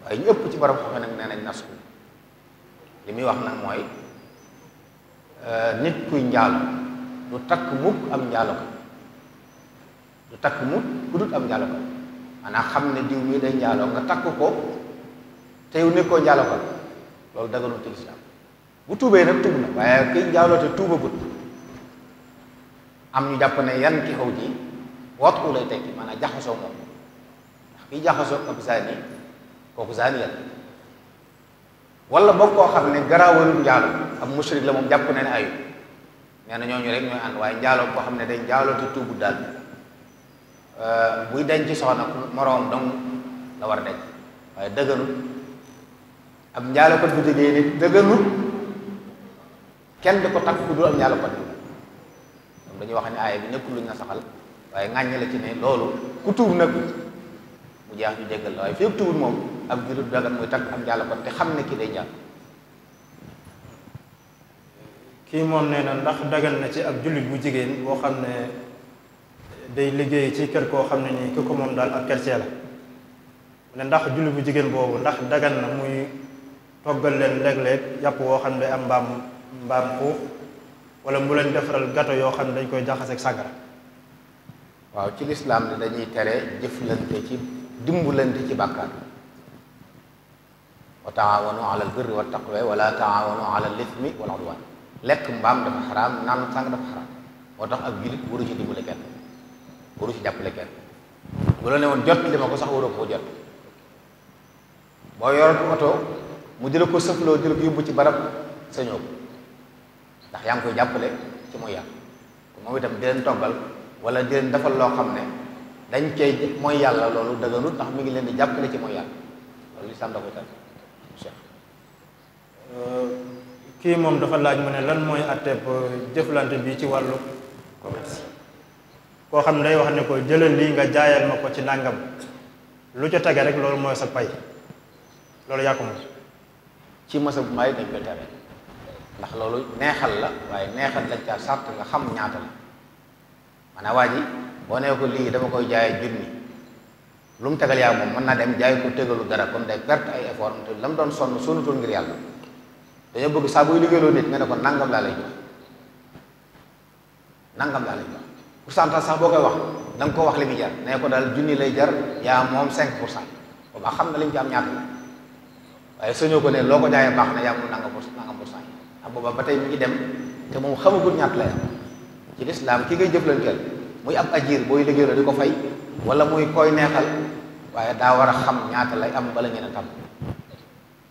waaye ñu ëpp ci borom xam nag nee nañ nasku li muy wax nag mooy euh, nit kuy njaalo du takk mukk am njaalo ko lu takk mukk ku dut am njaalo ko maanaam xam ne diw mii day njaaloo nga takk ko te yow nekkoo njaalo ko loolu daganu ci bu tuubee nag tuub na waaye kiy njaaloo te tuubagut am ñu jàpp ne yan ki xaw ji waxtu lay tekki maanaam jaxasoo moom ndax kiy jaxasoo ab zaani kooku zaani yàlla wala koo xam ne garaawal njaalo ab mushrik la moom jàpp na ne ayut nee na ñooñu rek ñooy ànd waaye njaaloo koo xam ne day njaaloo te tuubu daal euh, buy denc ci soxna moroom dong la war a denc waaye dëgganut ab njaalokat bu kenn di ko takk ku dul moom dañuy wax ne aaya bi nekkul luñ na saxal waaye ŋàññi la ci ne loolu ku tuub nag mu jeex ñu jéggal la waaye fii ak tuubul moom ab jurub dagan muy takk ab njaalokat te xam ne kii day njaal kii moom nee na ndax dagal na ci ab jullit bu jigéen boo xam ne day liggéey ci kër koo xam ne nii ki ko moom daal ab kercee la ne ndax jullit bu jigéen boobu ndax dagal na muy toggal leen léeg-léeg yàpp woo xam ne day am mbaam mbaam xuux wala mu leen defaral gato yoo xam ne dañ koy jaxaseeg sàggara waaw ci lislaam ne dañuy tere jëflante ci dimbalante ci bàkkaar wa taawanu ala albirri wa taqwa wala taawanu ala al ithmi wal udwan lekk mbaam dafa xaraam naan sàng dafa xaraam moo tax ak jullit waru ci dimbale kenn waru ci jàppale kenn ne woon jot li ma ko sax waroo ko jot boo yoroon oto mu jëla ko sëfloo jëla ko yóbbu ci barab sañoo ko ndax yaa ngi koy jàppale ci mooy yàlla moom itam di leen toggal wala di leen defal loo xam ne dañ cey mooy yàlla loolu dëgganut ndax mu ngi leen di jàppale ci mooy yàlla loolu lislaam da koy tal kii moom dafa laaj mu ne lan mooy àtteeb euh, jëflante bi ci wàllu koo xam ne day wax ne ko jëlal lii nga jaayal ma ko ci nàngam lu ca tege rek loolu mooy sa pay loolu yaa ko moom ci masa dañ ko tere ndax loolu neexal la waaye neexal lañ caa sàrt nga xam ñaata la maanaam waa ji boo nee ko lii dafa koy jaayee junni lu mu tegal yaa moom mun naa dem jaay ko tegalu dara kon day perte ay effort te la mu doon sonn sonatul ngir yàlla dañoo bëgg saa booy liggéeyloo nit nga ne ko nangam laa lay jox nangam laa lay jox pourcentage sax boo koy wax da ko wax li muy jar ne ko daal junni lay jar yaa moom 5 pour cent booba xam na li mu ci am ko ne loo ko jaayee baax na yaa moom nangam pour nangam pour cent ak booba ba tey mu ngi dem te moom xamagul ñaata lay am ci lislaam ki ngay jëf jëflanteel muy ab ajir booy liggéeyloo di ko fay wala muy koy neexal waaye daa war a xam ñaata lay am bala ngeen a tàmm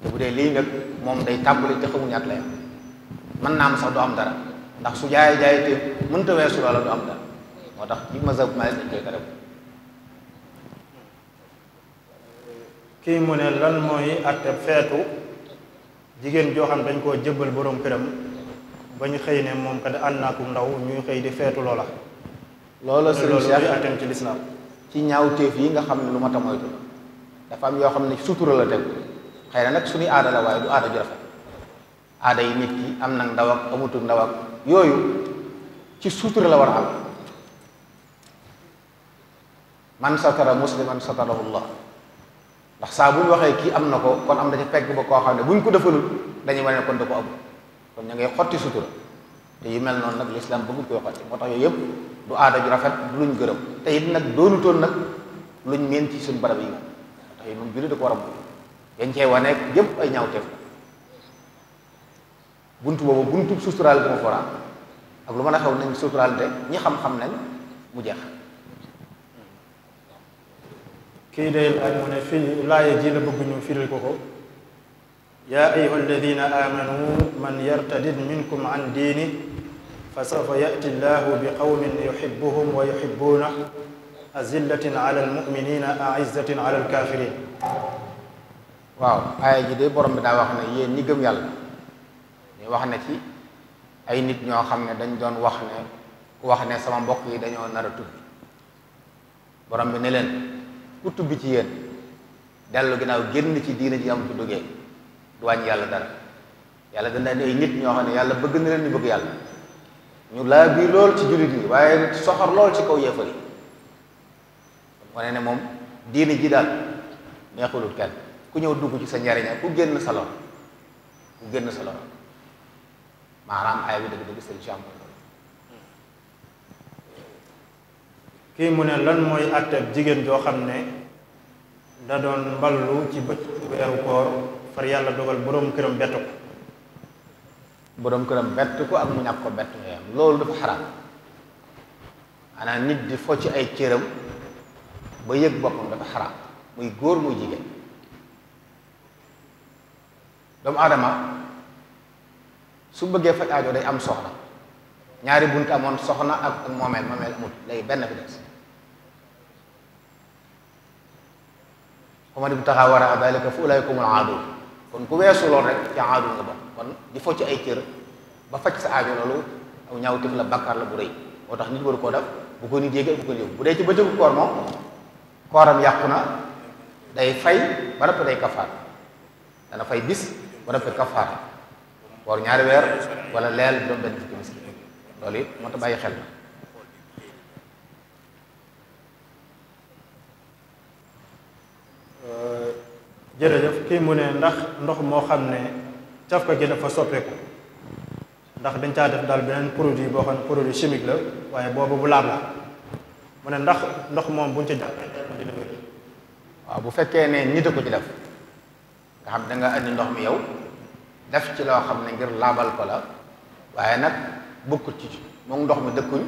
bu dee lii nag moom day tàmbali te xamuñu at la naa am sax du am dara ndax su jaayee jaayee te mënta weesu loola du am dara moo tax ci mazhab Maalik dañ mooy atte jigéen joo xam dañ koo jëbbal borom këram ba xëy ne moom kat ànd naa ko ndaw ñuy xëy di feetu loola loola sëriñ Cheikh atteem ci lislaam ci ñaaw yi nga xam ne lu ma tamoytu dafa am yoo xam ne sutura la teg xëy na nag suñuy aada la waaye du aada ju rafet aada yi nit ki am nag ndaw ak amutul ndaw yooyu ci sutura la war a am man satara musliman satarahu llah ndax saa bu ñu waxee kii am na ko kon am na ci pegg ba koo xam ne bu ñu ko defalul dañuy wane ne kon da ko amul kon ña ngay xotti sutura te yu mel noonu nag lislaam bëggu koy xotti moo tax yooyu yëpp du aada ju rafet du luñ gërëm te it nag doonutoon nag luñ meen ci suñu barab yi moom moo tax yi moom julli dañ cee wane yëpp ay ñaawteef buntu boobu buntu suturaal bu ma foraa ak lu mën na xew nañ suturaal te ñi xam-xam nañ mu jeex kii day laaj mu ne ñu firil ko ko yaa ayuha alladina amanu man yartadid minkum an diini fa sawfa yati llahu bi qawmin yuhibuhum wa yuhibuuna azillatin alkafirin waaw aaya ji de borom bi daa wax ne yéen ñi gëm yàlla ñu wax na ci ay nit ñoo xam ne dañ doon wax ne wax ne sama mbokk yi dañoo nar a tubbi borom bi ne leen ku tubbi ci yéen dellu ginnaaw génn ci diina ji am ci duggee du wàññi yàlla dara yàlla dana ne nit ñoo xam ne yàlla bëgg na leen ñu bëgg yàlla ñu laa biir lool ci jullit yi waaye soxor loolu ci kaw yéefar wane ne moom diina ji daal neexulut kenn ku ñëw dugg ci sa njariña ku génn sa lor ku génn sa lor maanaam kii mu ne lan mooy àtteeb jigéen joo xam ne da doon mballu ci bëcc weeru koor far yàlla dogal boroom këram bett ko boroom këram bett ko ak mu ñàkk ko bett mu loolu dafa xaraam maanaam nit di fo ci ay cëram ba yëg boppam dafa xaraam muy góor muy jigéen doomu aadama su bëggee faj aajo day am soxna ñaari bunt amoon soxna ak moomeel moomeel amut léegi benn bi des xomadi bu taxaa war a dalika fa ulaykumul aadul kon ku weesu lool rek ci aadul nga ba kon di fo ci ay cër ba faj sa aajo loolu aw ñaaw tif la bàkkaar la bu rëy moo tax nit waru koo def bu ko nit yéegee bu ko yóbbu bu dee ci bëccëgu koor moom kooram yàqu na day fay ba day kafaar dana fay bis ba noppi kafaara woor ñaari weer wala leel doom benn fukki miskin loolu moo tax bàyyi xel na euh, jërëjëf kii mu ne ndax ndox moo xam ne cafka gi dafa soppeeku ndax dañ caa def daal beneen produit boo xam ne produit chimique la waaye boobu bu laab mu ne ndax ndox moom buñ ci jàpp waaw bu fekkee ne nit a ko ci def nga xam da nga indi ndox mi yow def ci loo xam ne ngir laabal ko la waaye nag bukkut ci moom ndox mi dëkkuñ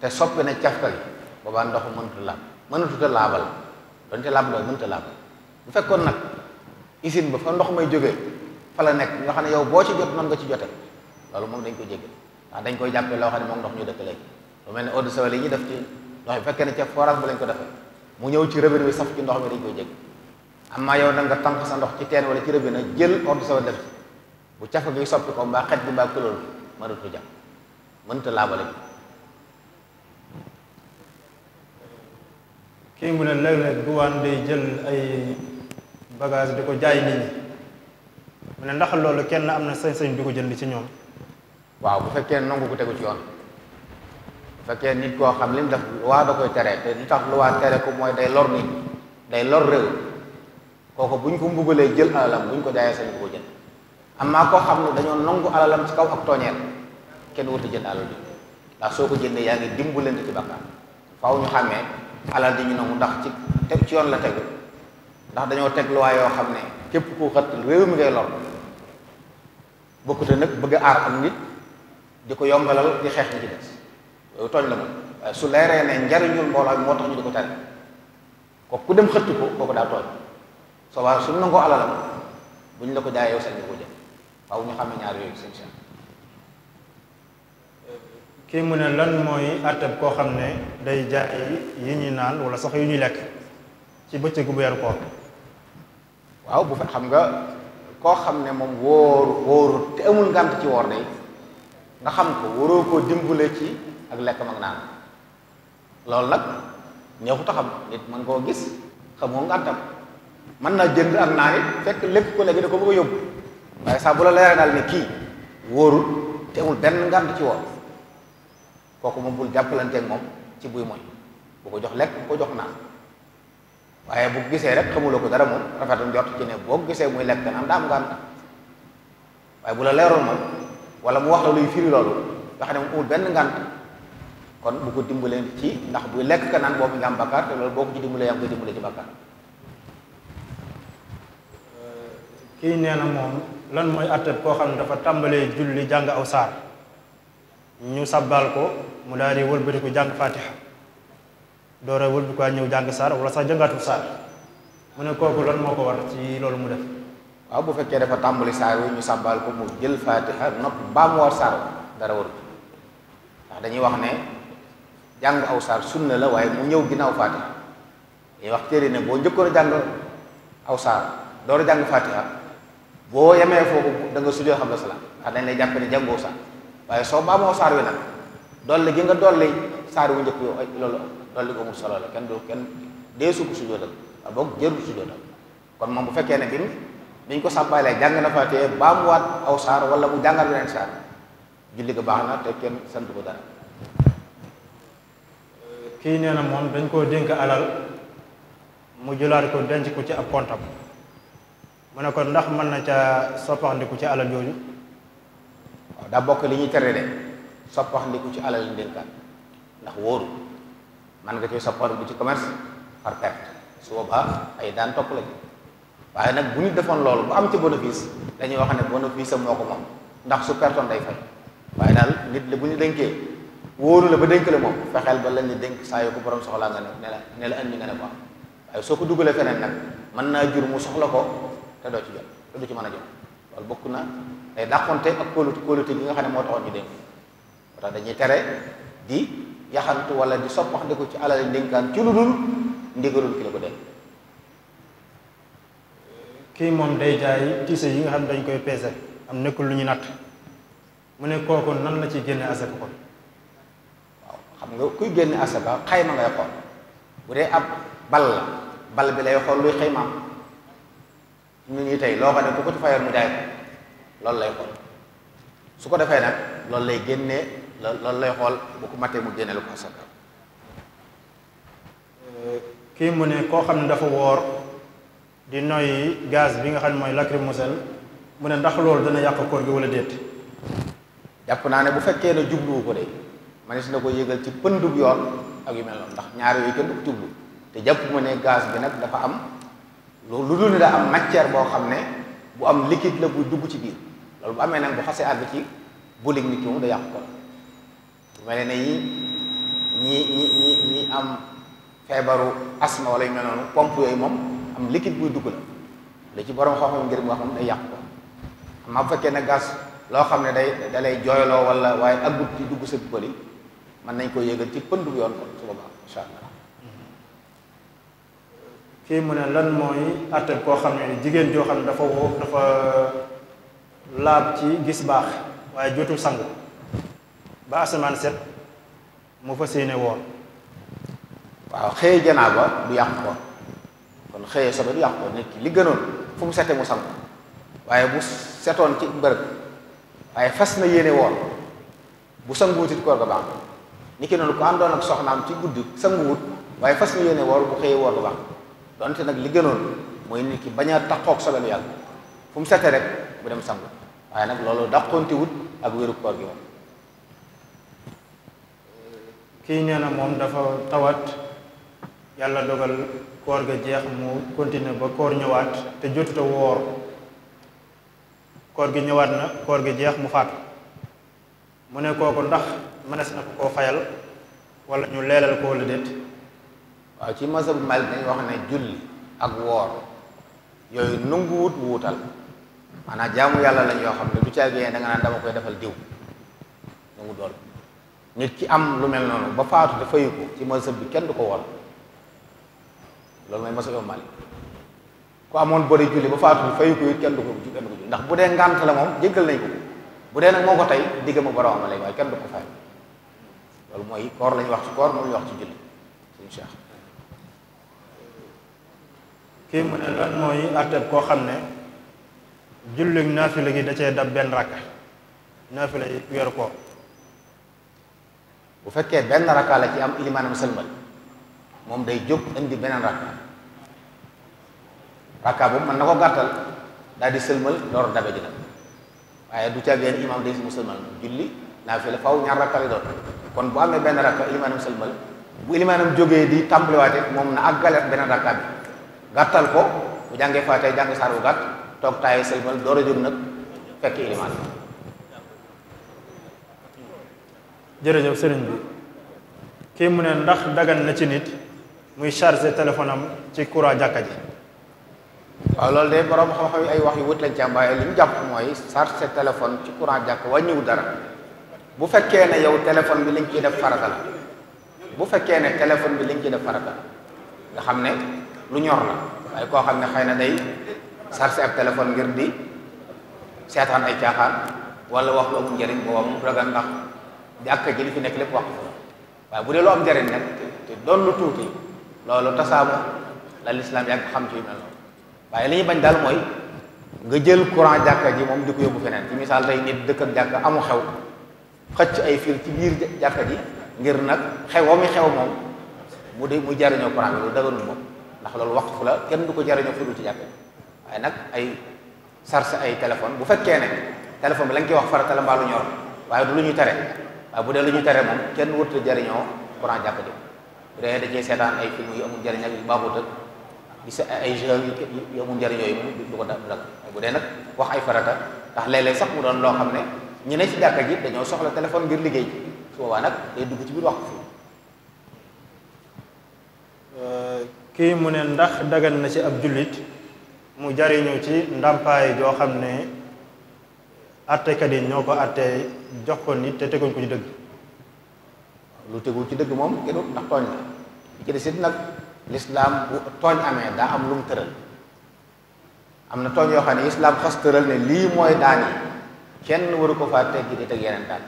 te soppi na cafka gi boobaa ndox mënut a laab mënatut laabal donte laab ndox mënut a bu fekkoon nag usine ba fa ndox may jógee fa nekk nga xam ne yow boo ci jot man nga ci jote loolu moom dañ ko jéggi ndax dañ koy jàppee loo xam ne moom ndox ñu dëkk léegi lu mel ne eau de javel ñu def ci ndox mi ne ca forage ba lañ ko defee mu ñëw ci robinet bi saf ci ndox mi dañ koy jéggi amma yow da nga tànq sa ndox ci teen wala ci robinet jël ordre sa def ci bu cafe gi soppi ko mbaa xet gi mbaa couleur bi mënatu jàpp mënta laabale bi kii mu ne léeg-léeg duwaan day jël ay bagage di ko jaay nit mu ne ndax loolu kenn am na sañ-sañ du ko jënd ci ñoom waaw bu fekkee nangu ko tegu ci yoon bu fekkee nit koo xam li mu def waa da koy tere te li tax waa tere ko mooy day lor nit day lor réew kooku ñu ko mbugalee jël alalam buñ ko jaayee sañ ko jël amaa koo xam ne dañoo nongu alalam ci kaw ak tooñeel kenn warut jël alal bi ndax soo ko jëndee yaa ngi dimbalante ci bakkaar faaw ñu xàmmee alal di ñu ndax ci teg ci yoon la tegu ndax dañoo teg luwaa yoo xam ne képp ku xat réew mi ngay lor bokkute nag bëgg a aar am nit di ko yombalal di xeex ni ci des loolu tooñ la moom waaye su leeree ne njariñul mbooloo moo tax ñu di ko tere ko ku dem xëtt ko kooku daa tooñ soo waaye suñu nangoo alalam bu ñu la ko jaayee yow sañ nga ko jël waaw ñu xamee ñaar yooyu seen seen kii mu ne lan mooy àttab koo xam ne day jaay yi ñuy naan wala sax yu ñuy lekk ci bëccëgu weeru koor waaw bu fa xam nga koo xam ne moom wóor wóoru te amul ngànt ci woor day nga xam ko waroo koo dimbale ci ak lekk mag naan loolu nag neexut a xam nit mën koo gis xamoo ngàntam mën naa jënd am naa nit fekk lépp ko léegi da ko bëgg a yóbbu waaye saa bu la leeree daal ne kii wóoru te amul benn ngànt ci woon kooku moom bul jàppalanteeg moom ci buy mooy bu ko jox lekk bu jox naan waaye bu gisee rek xamuloo ko dara moom rafetam jot ci ne boo gisee muy lekk am daa am ngànt waaye bu la leeroon moom wala mu wax la luy firi loolu nga xam ne moom amul benn ngànt kon bu ko dimbalee ci ndax buy lekk ka naan boobu nga am bakkaar te loolu boo ko ci dimbalee yaa ngi koy dimbalee ci bakkaar kii nee na moom lan mooy àttab koo xam ne dafa tàmbalee julli jàng aw saar ñu sabbal ko mu daal di wëlbatiku jàng fatiha doora wëlbatiku ñëw jàng saar wala sax jàngatu saar mu ne kooku lan moo ko war ci loolu mu def waaw bu fekkee dafa tàmbali saar wi ñu sabbal ko mu jël fatiha nopp baa mu war saar dara war ndax dañuy wax ne jàng aw saar sunna la waaye mu ñëw ginnaaw fatiha dañuy wax téere ne boo njëkkoon a jàng aw saar doora jàng fatiha boo yemee foofu da nga sujjoo xam la sa la dañ lay jàpp ne jàngoo saar waaye soo baa moo saar wi nag dolli gi nga dolli saar wu njëkk ay loolu dolli ko mu solo la kenn du kenn dee su ko sujjootal waaye boog jëru sujjootal kon moom bu fekkee ne bi biñ ko sàbbaalee jàng na faatee baamuwaat aw saar wala mu jàngal beneen saar julli ga baax na te kenn sant ko dara kii nee na moom dañ koo dénk alal mu jëlaat ko denc ko ci ab kontam mu ne kon ndax mën na caa soppaxandiku ci alal jooju waaw daa bokk li ñuy tere de soppaxandiku ci alal ndénkaan ndax wóoru mën nga ci soppaxandiku ci commerce par perte su boobaa ay daan topp la waaye nag bu ñu defoon loolu bu am ci bénéfice dañuy wax ne bénéfice am moo ko moom ndax su pertoon day fay waaye daal nit la bu ñu dénkee wóoru la ba dénk la moom fexeel ba lañ la dénk saa yoo ko borom soxlaa nga ne ne la ne la nga ne ko waaye soo ko dugalee feneen nag mën naa jur mu soxla ko te doo ci jot te du ci man a jot loolu bokk na day dàqonte ak kóolute kóolute gi nga xam ne moo taxoon ñu dénk moo tax dañuy tere di yaxantu wala di sopp wax ko ci alal ndénkaan ci lu dul ndigalul ko dénk kii day jaay tiise yi nga xam ne dañ koy peese am nekkul lu ñuy natt mu ne kooku nan la ci génne asaka ko waaw xam nga kuy génne asaka xayma ngay xool bu dee ab bal bal bi lay xool luy xaymaam ñu ngi tey loo xam ne ku ko ci fayoon mu jaay ko loolu lay xool su ko defee nag loolu lay génnee loolu lay xool bu ko matee mu génne lu ko asaka euh, kii mu ne koo xam ne dafa woor di noyyi gaz bi nga xam ne mooy lacrymogène mu ne ndax loolu dana yàq koor gi wala déet jàpp naa ne bu fekkee ne jubluwu ko de si na ko yëgal ci pëndub yoon ak yu mel noonu ndax ñaar yooyu kenn jublu te jàpp mu ne gaz bi nag dafa am loolu lu dul ne am matière boo xam ne bu am liquide la buy dugg ci biir loolu bu amee nag bu xasee àgg ci bolique nit moom da yàqu ko bu mel ne ñi ñi ñi ñi ñi am feebaru asma wala yu mel noonu pompe yooyu moom am liquide buy dugg la li ci borom xam-xam ngir mu wax moom day yàqu ko loo xam ne day da lay jooyloo wala waaye aggut ci dugg sa bëli mën nañ ko yëgal ci pënd bu yoon ko su boobaa incha allah kii mu ne lan mooy àtte koo xam ne jigéen joo xam ne dafa woo dafa laab ci gis baax waaye jotul sang ba asamaan set mu fa yéene woon waaw xëye janaaba du yàq ko kon xëye sobe du yàq ko nit ki li gënoon fu mu sete mu sang waaye bu setoon ci bërëb waaye fas na yéene woor bu sanguwutit koor ga baax ni ki noonu ku àndoon ak soxnaam ci guddi sanguwut waaye fas na yéene woor bu xëyee woor ga donte nag li gënoon mooy nit ki bañ a taqoog sobeelu yàlla fu mu setee rek bu dem sangu waaye nag loolu dàqonti wut ak wéru koor gi moom kii nee na moom dafa tawat yàlla dogal koor ga jeex mu continuer ba koor ñëwaat te jotuta woor koor gi ñëwaat na koor gi jeex mu faatu mu ne kooku ndax mënees na ko koo fayal wala ñu leelal ko wala waaw ci masabu Malik dañuy xam ne julli ak woor yooyu nunguwut wuutal maanaam jaamu yàlla lañ yoo xam ne du caagee da nga naan dama koy defal diw nungu dool nit ki am lu mel noonu ba faatu te fayu ko ci masab bi kenn du ko wor loolu mooy masabu Malik ku amoon bëri julli ba faatu te fayu ko ko kenn ndax bu dee ngànt la moom jéggal ko bu dee ko tey digg ma boromam lay kenn du ko fay mooy koor la ñuy wax ci koor moom la wax ci julli suñu seex fii mu ne lan mooy àtteeb koo xam ne jullig naafila gi da cee dab benn rakka naafila yi weeru koor bu fekkee benn rakka la ci am ilimaanam sëlmal moom day jóg indi beneen rakka rakka boobu mën na ko gàttal daal di sëlmal door dabe ji waaye du ca benn imaam day mu sëlmal julli naafila faw ñaar rakka lay doon kon bu amee benn rakka ilimaanam sëlmal bu ilimaanam jógee di tàmbaliwaate moom na àggale beneen rakka bi gàttal ko bu jàngee faatee jàng saar bu gàtt toog taaye sëlmal door a jóg nag fekk ilimaan jërëjëf sëriñ bi kii mu ne ndax dagan na ci nit muy chargé téléphone am ci courant jàkka ji waaw loolu de borom xam-xam yi ay wax yu wut lañ ci am li mu jàpp mooy chargé téléphone ci courant jàkk wàññiwu dara bu fekkee ne yow téléphone bi liñ ciy def farata la bu fekkee ne téléphone bi liñ ciy def farata nga xam ne lu ñor la waaye koo xam ne xëy na day sarse ab téléphone ngir di seetaan ay caaxaan wala wax lu amul njëriñ booba moom ragal ndax jàkka ji li fi nekk lépp wax waaye bu dee lu am njëriñ nag te doon lu tuuti loolu tasaamu la lislaam yàgg xam ci yu mel noonu waaye li ñu bañ daal mooy nga jël courant jàkka ji moom di ko yóbbu feneen ci misaal tey nit dëkk ak jàkka amu xew xëcc ay fiir ci biir jàkka ji ngir nag xew mi xew moom mu di mu jariñoo courant ndax loolu waqfu la kenn du ko jariñoo fu dul ci jàkka waaye nag ay sarse ay téléphone bu fekkee ne téléphone bi la koy wax farata la mbaa ñor waaye du lu ñu tere waaye bu dee lu ñu tere kenn wërta jariñoo courant jàkka ji bu ay film yu amul njariñ ak yu ay jeux yu amul njariñ yooyu moom du ko nag bu dee nag wax ay farata ndax léeg sax mu doon loo xam ne ñu ne ci jàkka ji dañoo soxla téléphone ngir liggéey su boobaa nag day dugg ci biir wax fi euh, kii mu ne ndax dagan na ci ab jullit mu jariñu ci ndàmpaay joo xam ne attekat yi ñoo ko attee jox ko nit te teguñ ko ci dëgg lu tegu ci dëgg moom kenn ndax tooñ la ci amee daa am lu mu tëral am na tooñ yoo xam ne islaam xas tëral ne lii mooy daani kenn waru ko faa teggi di teg yeneen daan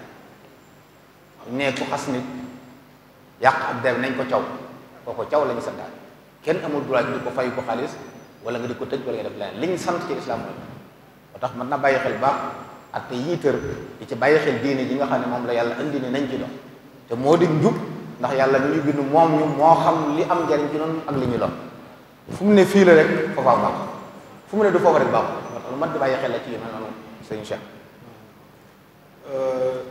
ne ku xas nit yàq ab der nañ ko caw kooku caw lañu sa daan kenn amul droit ñu ko fay ko xaalis wala nga di ko tëj wala nga def leneen li ñu sant ci lislaam mooy moo tax mën na bàyyi xel baax ak te yiitër di ci bàyyi xel diine ji nga xam ne moom la yàlla indi ne nañ ci dox te moo di njub ndax yàlla mi ñu bind moom ñu moo xam li am njariñ ci noonu ak li ñu dox fu mu ne fii la rek foofaa baax fu mu ne du foofa rek baax moo tax lu mat di bàyyi xel la ci yu a noonu sëñ Cheikh euh,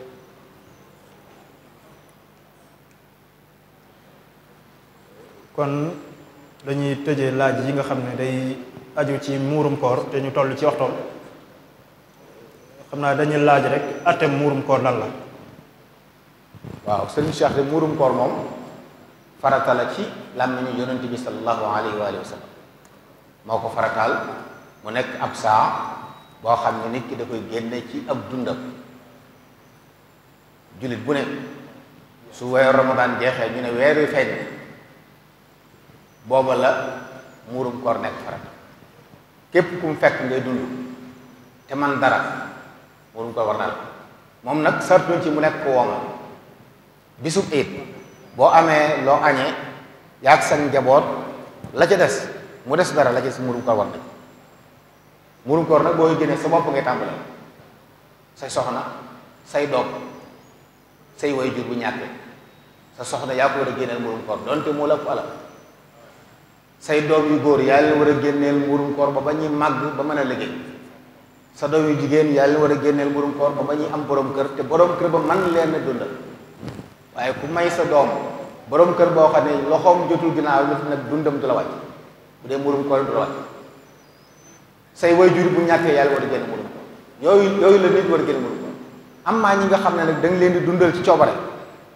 dañuy tëje laaj yi nga xam ne day aju ci muurum koor te ñu toll ci waxtoom xam naa dañuy laaj rek atem muurum koor lan la waaw sëriñ Cheikh de muurum koor moom farata la ci làmmiñu yonent bi sallallahu alayhi wa sallam moo ko farataal mu nekk ab saa boo xam ne nit ki da koy génne ci ab dundam jullit bu ne su weeru Ramadan jeexee ñu ne weer wi feeñ booba la muurum koor nekk farata képp ku fekk ngay dund te man dara muurum koor war na la moom nag sartuñ ci mu nekk ko wooma bisub iit boo amee loo añee yaag sa njaboot la ca des mu des dara la ca des muurum koor war na muurum koor nag booy génnee sa bopp ngay tàmbale say soxna say doom say way jur bu ñàkkee sa soxna yaa ko war a génneel muurum koor donte moo la ko alal say doom yu góor yaa leen war a génneel mburum koor ba ba ñuy màgg ba mën a liggéey sa doom yu jigéen yaa leen war a génneel mburum koor ba ba ñuy am boroom kër te borom kër ba man leen a dundal waaye ku may sa doom borom kër boo xam ne loxoom jotul ginnaaw li nag dundam du la wàcc bu dee mburum koor du la wàcc say waajur bu ñàkkee yaa leen war a génn mburum koor yooyu yooyu la war a génn mburum koor am maa ñi nga xam ne nag da leen di dundal ci coobare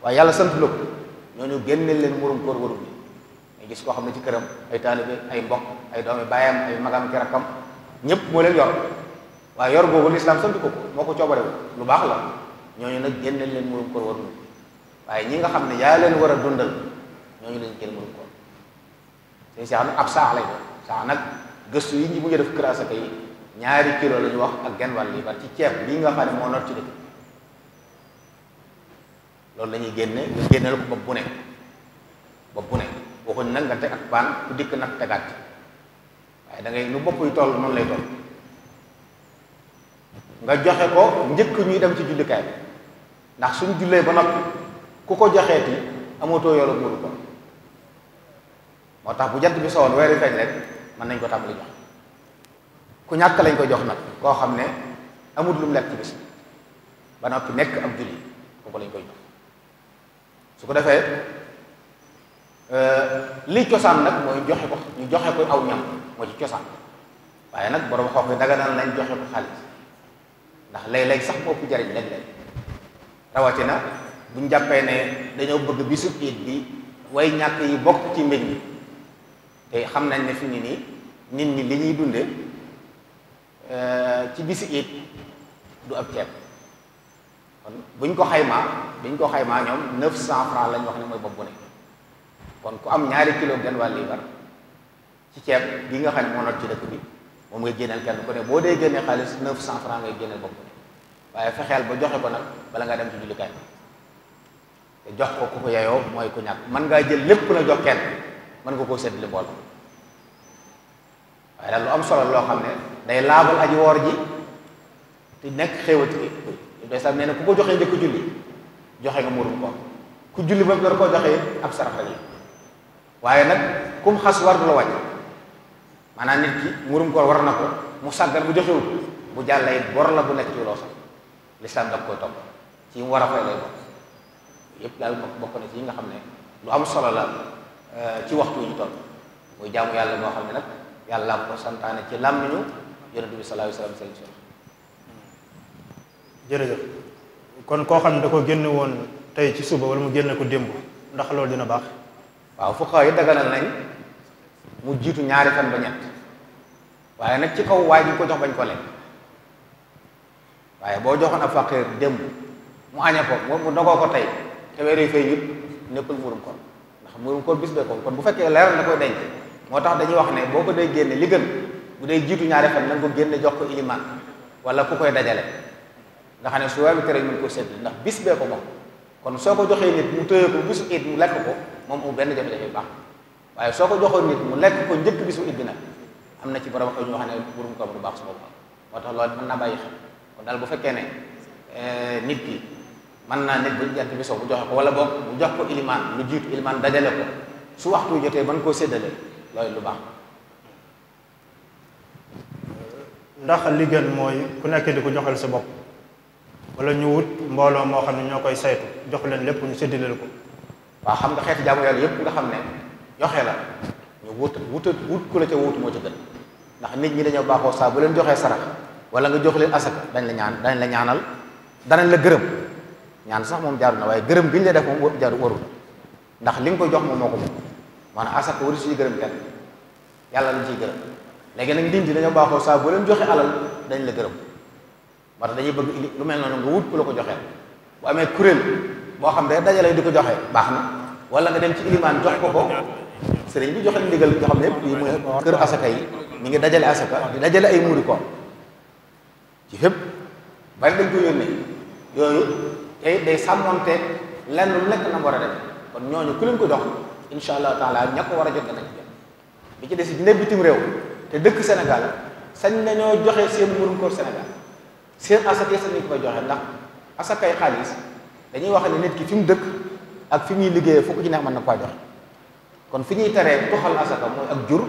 waaye yàlla sant la ko ñooñu génneel leen mburum koor warum gis koo xam ne ci këram ay taalibe ay mbokk ay doomi baayam ay magam ki rakkam ñëpp moo leen yor waaye yor googu lislaam sant ko moo ko coobarewu lu baax la ñooñu nag génne leen murum koor warul waaye ñi nga xam ne yaa leen war a dundal ñooñu lañ génn murum koor te sax nag ab saax lay doon saax nag gëstu yi ñu mujj def kërasaka yi ñaari kilo la ñu wax ak genn wàll yi bar ci ceeb bii nga xam ne moo not ci dëkk loolu la ñuy génne ko bopp bu ne bopp bu ne waxuñ nag nga teg ak paan ku dikk nag tegaat ci waaye da ngay lu toll noonu lay toll nga joxe ko njëkk ñuy dem ci jullikaay bi ndax suñ jullee ba noppi ku ko joxeeti amatoo yoolu muuru ko moo tax bu jant bi sowoon weeri feeñ mën nañ ko tàmbali jox ku ñàkk lañ ko jox nag koo xam ne amul lu lekk ci bis ba noppi nekk ab julli kooku lañ koy jox su ko defee Euh, li cosaan nag mooy joxe ko ñu joxe ko aw ñam moo ci cosaan waaye nag borom xoox yi daganal nañ joxe ko xaalis ndax léeg-léeg sax moo ëpp jariñ léeg-léeg rawatina buñ jàppee ne dañoo bëgg bisu iid bi way ñàkk yi bokk ci mbéj mi te xam nañ ne fi ni nii nit ñi li ñuy dunde euh, ci bisu iid du ak ceeb kon buñ ko xaymaa buñ ko xaymaa ñoom neuf cent francs lañ wax ne mooy bopp bu ne kon ku am ñaari kilo genn wàll yi war ci ceeb bi nga xam ne moo not ci dëkk bi moom ngay génneel kenn ku ne boo dee génnee xaalis neuf cent franc ngay génneel bopp waaye fexeel ba joxe ko nag bala nga dem ci jullikaay te jox ko ku ko yeyoo mooy ku ñàkk mën ngaa jël lépp na jox kenn mën nga koo séddale mbooloo waaye daal lu am solo loo xam ne day laabal aji woor ji te nekk xéewal ci day sax ku ko joxee njëkk julli joxe nga murum ko ku julli ba mu door koo joxe ab sarax rek waaye nag kum xas war du la wàññi maanaam nit ki murum koor war na ko mu sàggal bu joxewul bu jàllee bor la bu nekk ci loo sax lislaam daf koy topp ci mu war a fay lay bokk yépp daal bokk na ci yi nga xam ne lu am solo la euh, ci waxtu ñu toll muy jaamu yàlla boo xam ne nag yàlla ko santaane ci làmmiñu yonent bi sallallahu alayhi wa sallam jërëjëf kon koo xam ne da ko génn woon tey ci suba wala mu génne ko démb ndax loolu dina baax waaw fuqahaa yi daganal nañ mu jiitu ñaari fan ba ñett waaye nag ci kaw waay ko jox bañ ko lekk waaye boo joxoon ab faqiir démb mu añe ko moom mu dogoo ko tey te weeru fay yut nekkul murum koor ndax murum ko bis bee ko kon bu fekkee leer na koy denc moo tax dañuy wax ne boo ko dee génne li gën bu dee jiitu ñaari fan nañ ko génne jox ko ilimaan wala ku koy dajale nga xam ne su waaye bi tere ñu ko sédd ndax bis bee ko moom kon soo ko joxee nit mu tëye ko bisu it mu lekk ko moom mu benn jafe-jafe baax waaye soo ko joxoon nit mu lekk ko njëkk bisu it bi nag am na ci borom xew ñoo xam ne burum ko du baax su boppam moo tax loolu mën naa bàyyi daal bu fekkee ne eh, nit ki mën naa nit bu jant bi soo bu joxe ko wala boog mu jox ko ilimaan lu jiitu ilimaan dajale ko su waxtu jotee mën koo séddale loolu lu baax ndax li gën mooy ku nekk di ko joxal sa bopp wala ñu wut mbooloo moo xam ne ñoo koy saytu jox leen lépp ñu séddaleel ko waa xam nga xeeti jaamu yàlla yëpp nga xam ne joxe la ñu wut wut wut ku la ca wut moo ci gën ndax nit ñi dañoo baaxoo saa bu leen joxee sarax wala nga jox leen asaka dañ la ñaan dañ la ñaanal danañ la gërëm ñaan sax moom jaaru na waaye gërëm gi ñu lay def moom ndax li koy jox moom moo ko moom maanaam asaka wari yàlla lañ ciy gërëm nag nit ñi dañoo baaxoo saa bu leen joxe alal dañ la gërëm moo dañuy bëgg indi lu mel noonu nga wut ku la ko joxee bu amee kuréel boo xam ne dajale di ko joxe baax na wala nga dem ci ilimaan jox ko ko sëriñ bi joxe ndigal yoo xam ne yëpp yi mooy kër asaka yi mi ngi dajale asaka di dajale ay muuri koor ci fépp bari dañ ko yónnee day sàmmonte lenn lu nekk na mu war a def kon ñooñu ku leen ko jox incha allah taala ña ko war a jot danañ jot bi ci des ne bitim réew te dëkk Sénégal sañ nañoo joxe seen muuru koor Sénégal seen asaka yëpp dañu ko koy joxe ndax asakay xaalis dañuy wax ne nit ki fi dëkk ak fi muy liggéeyee fukk ci neex mën na koo joxe kon fi ñuy teree tuxal asaka mooy ak jur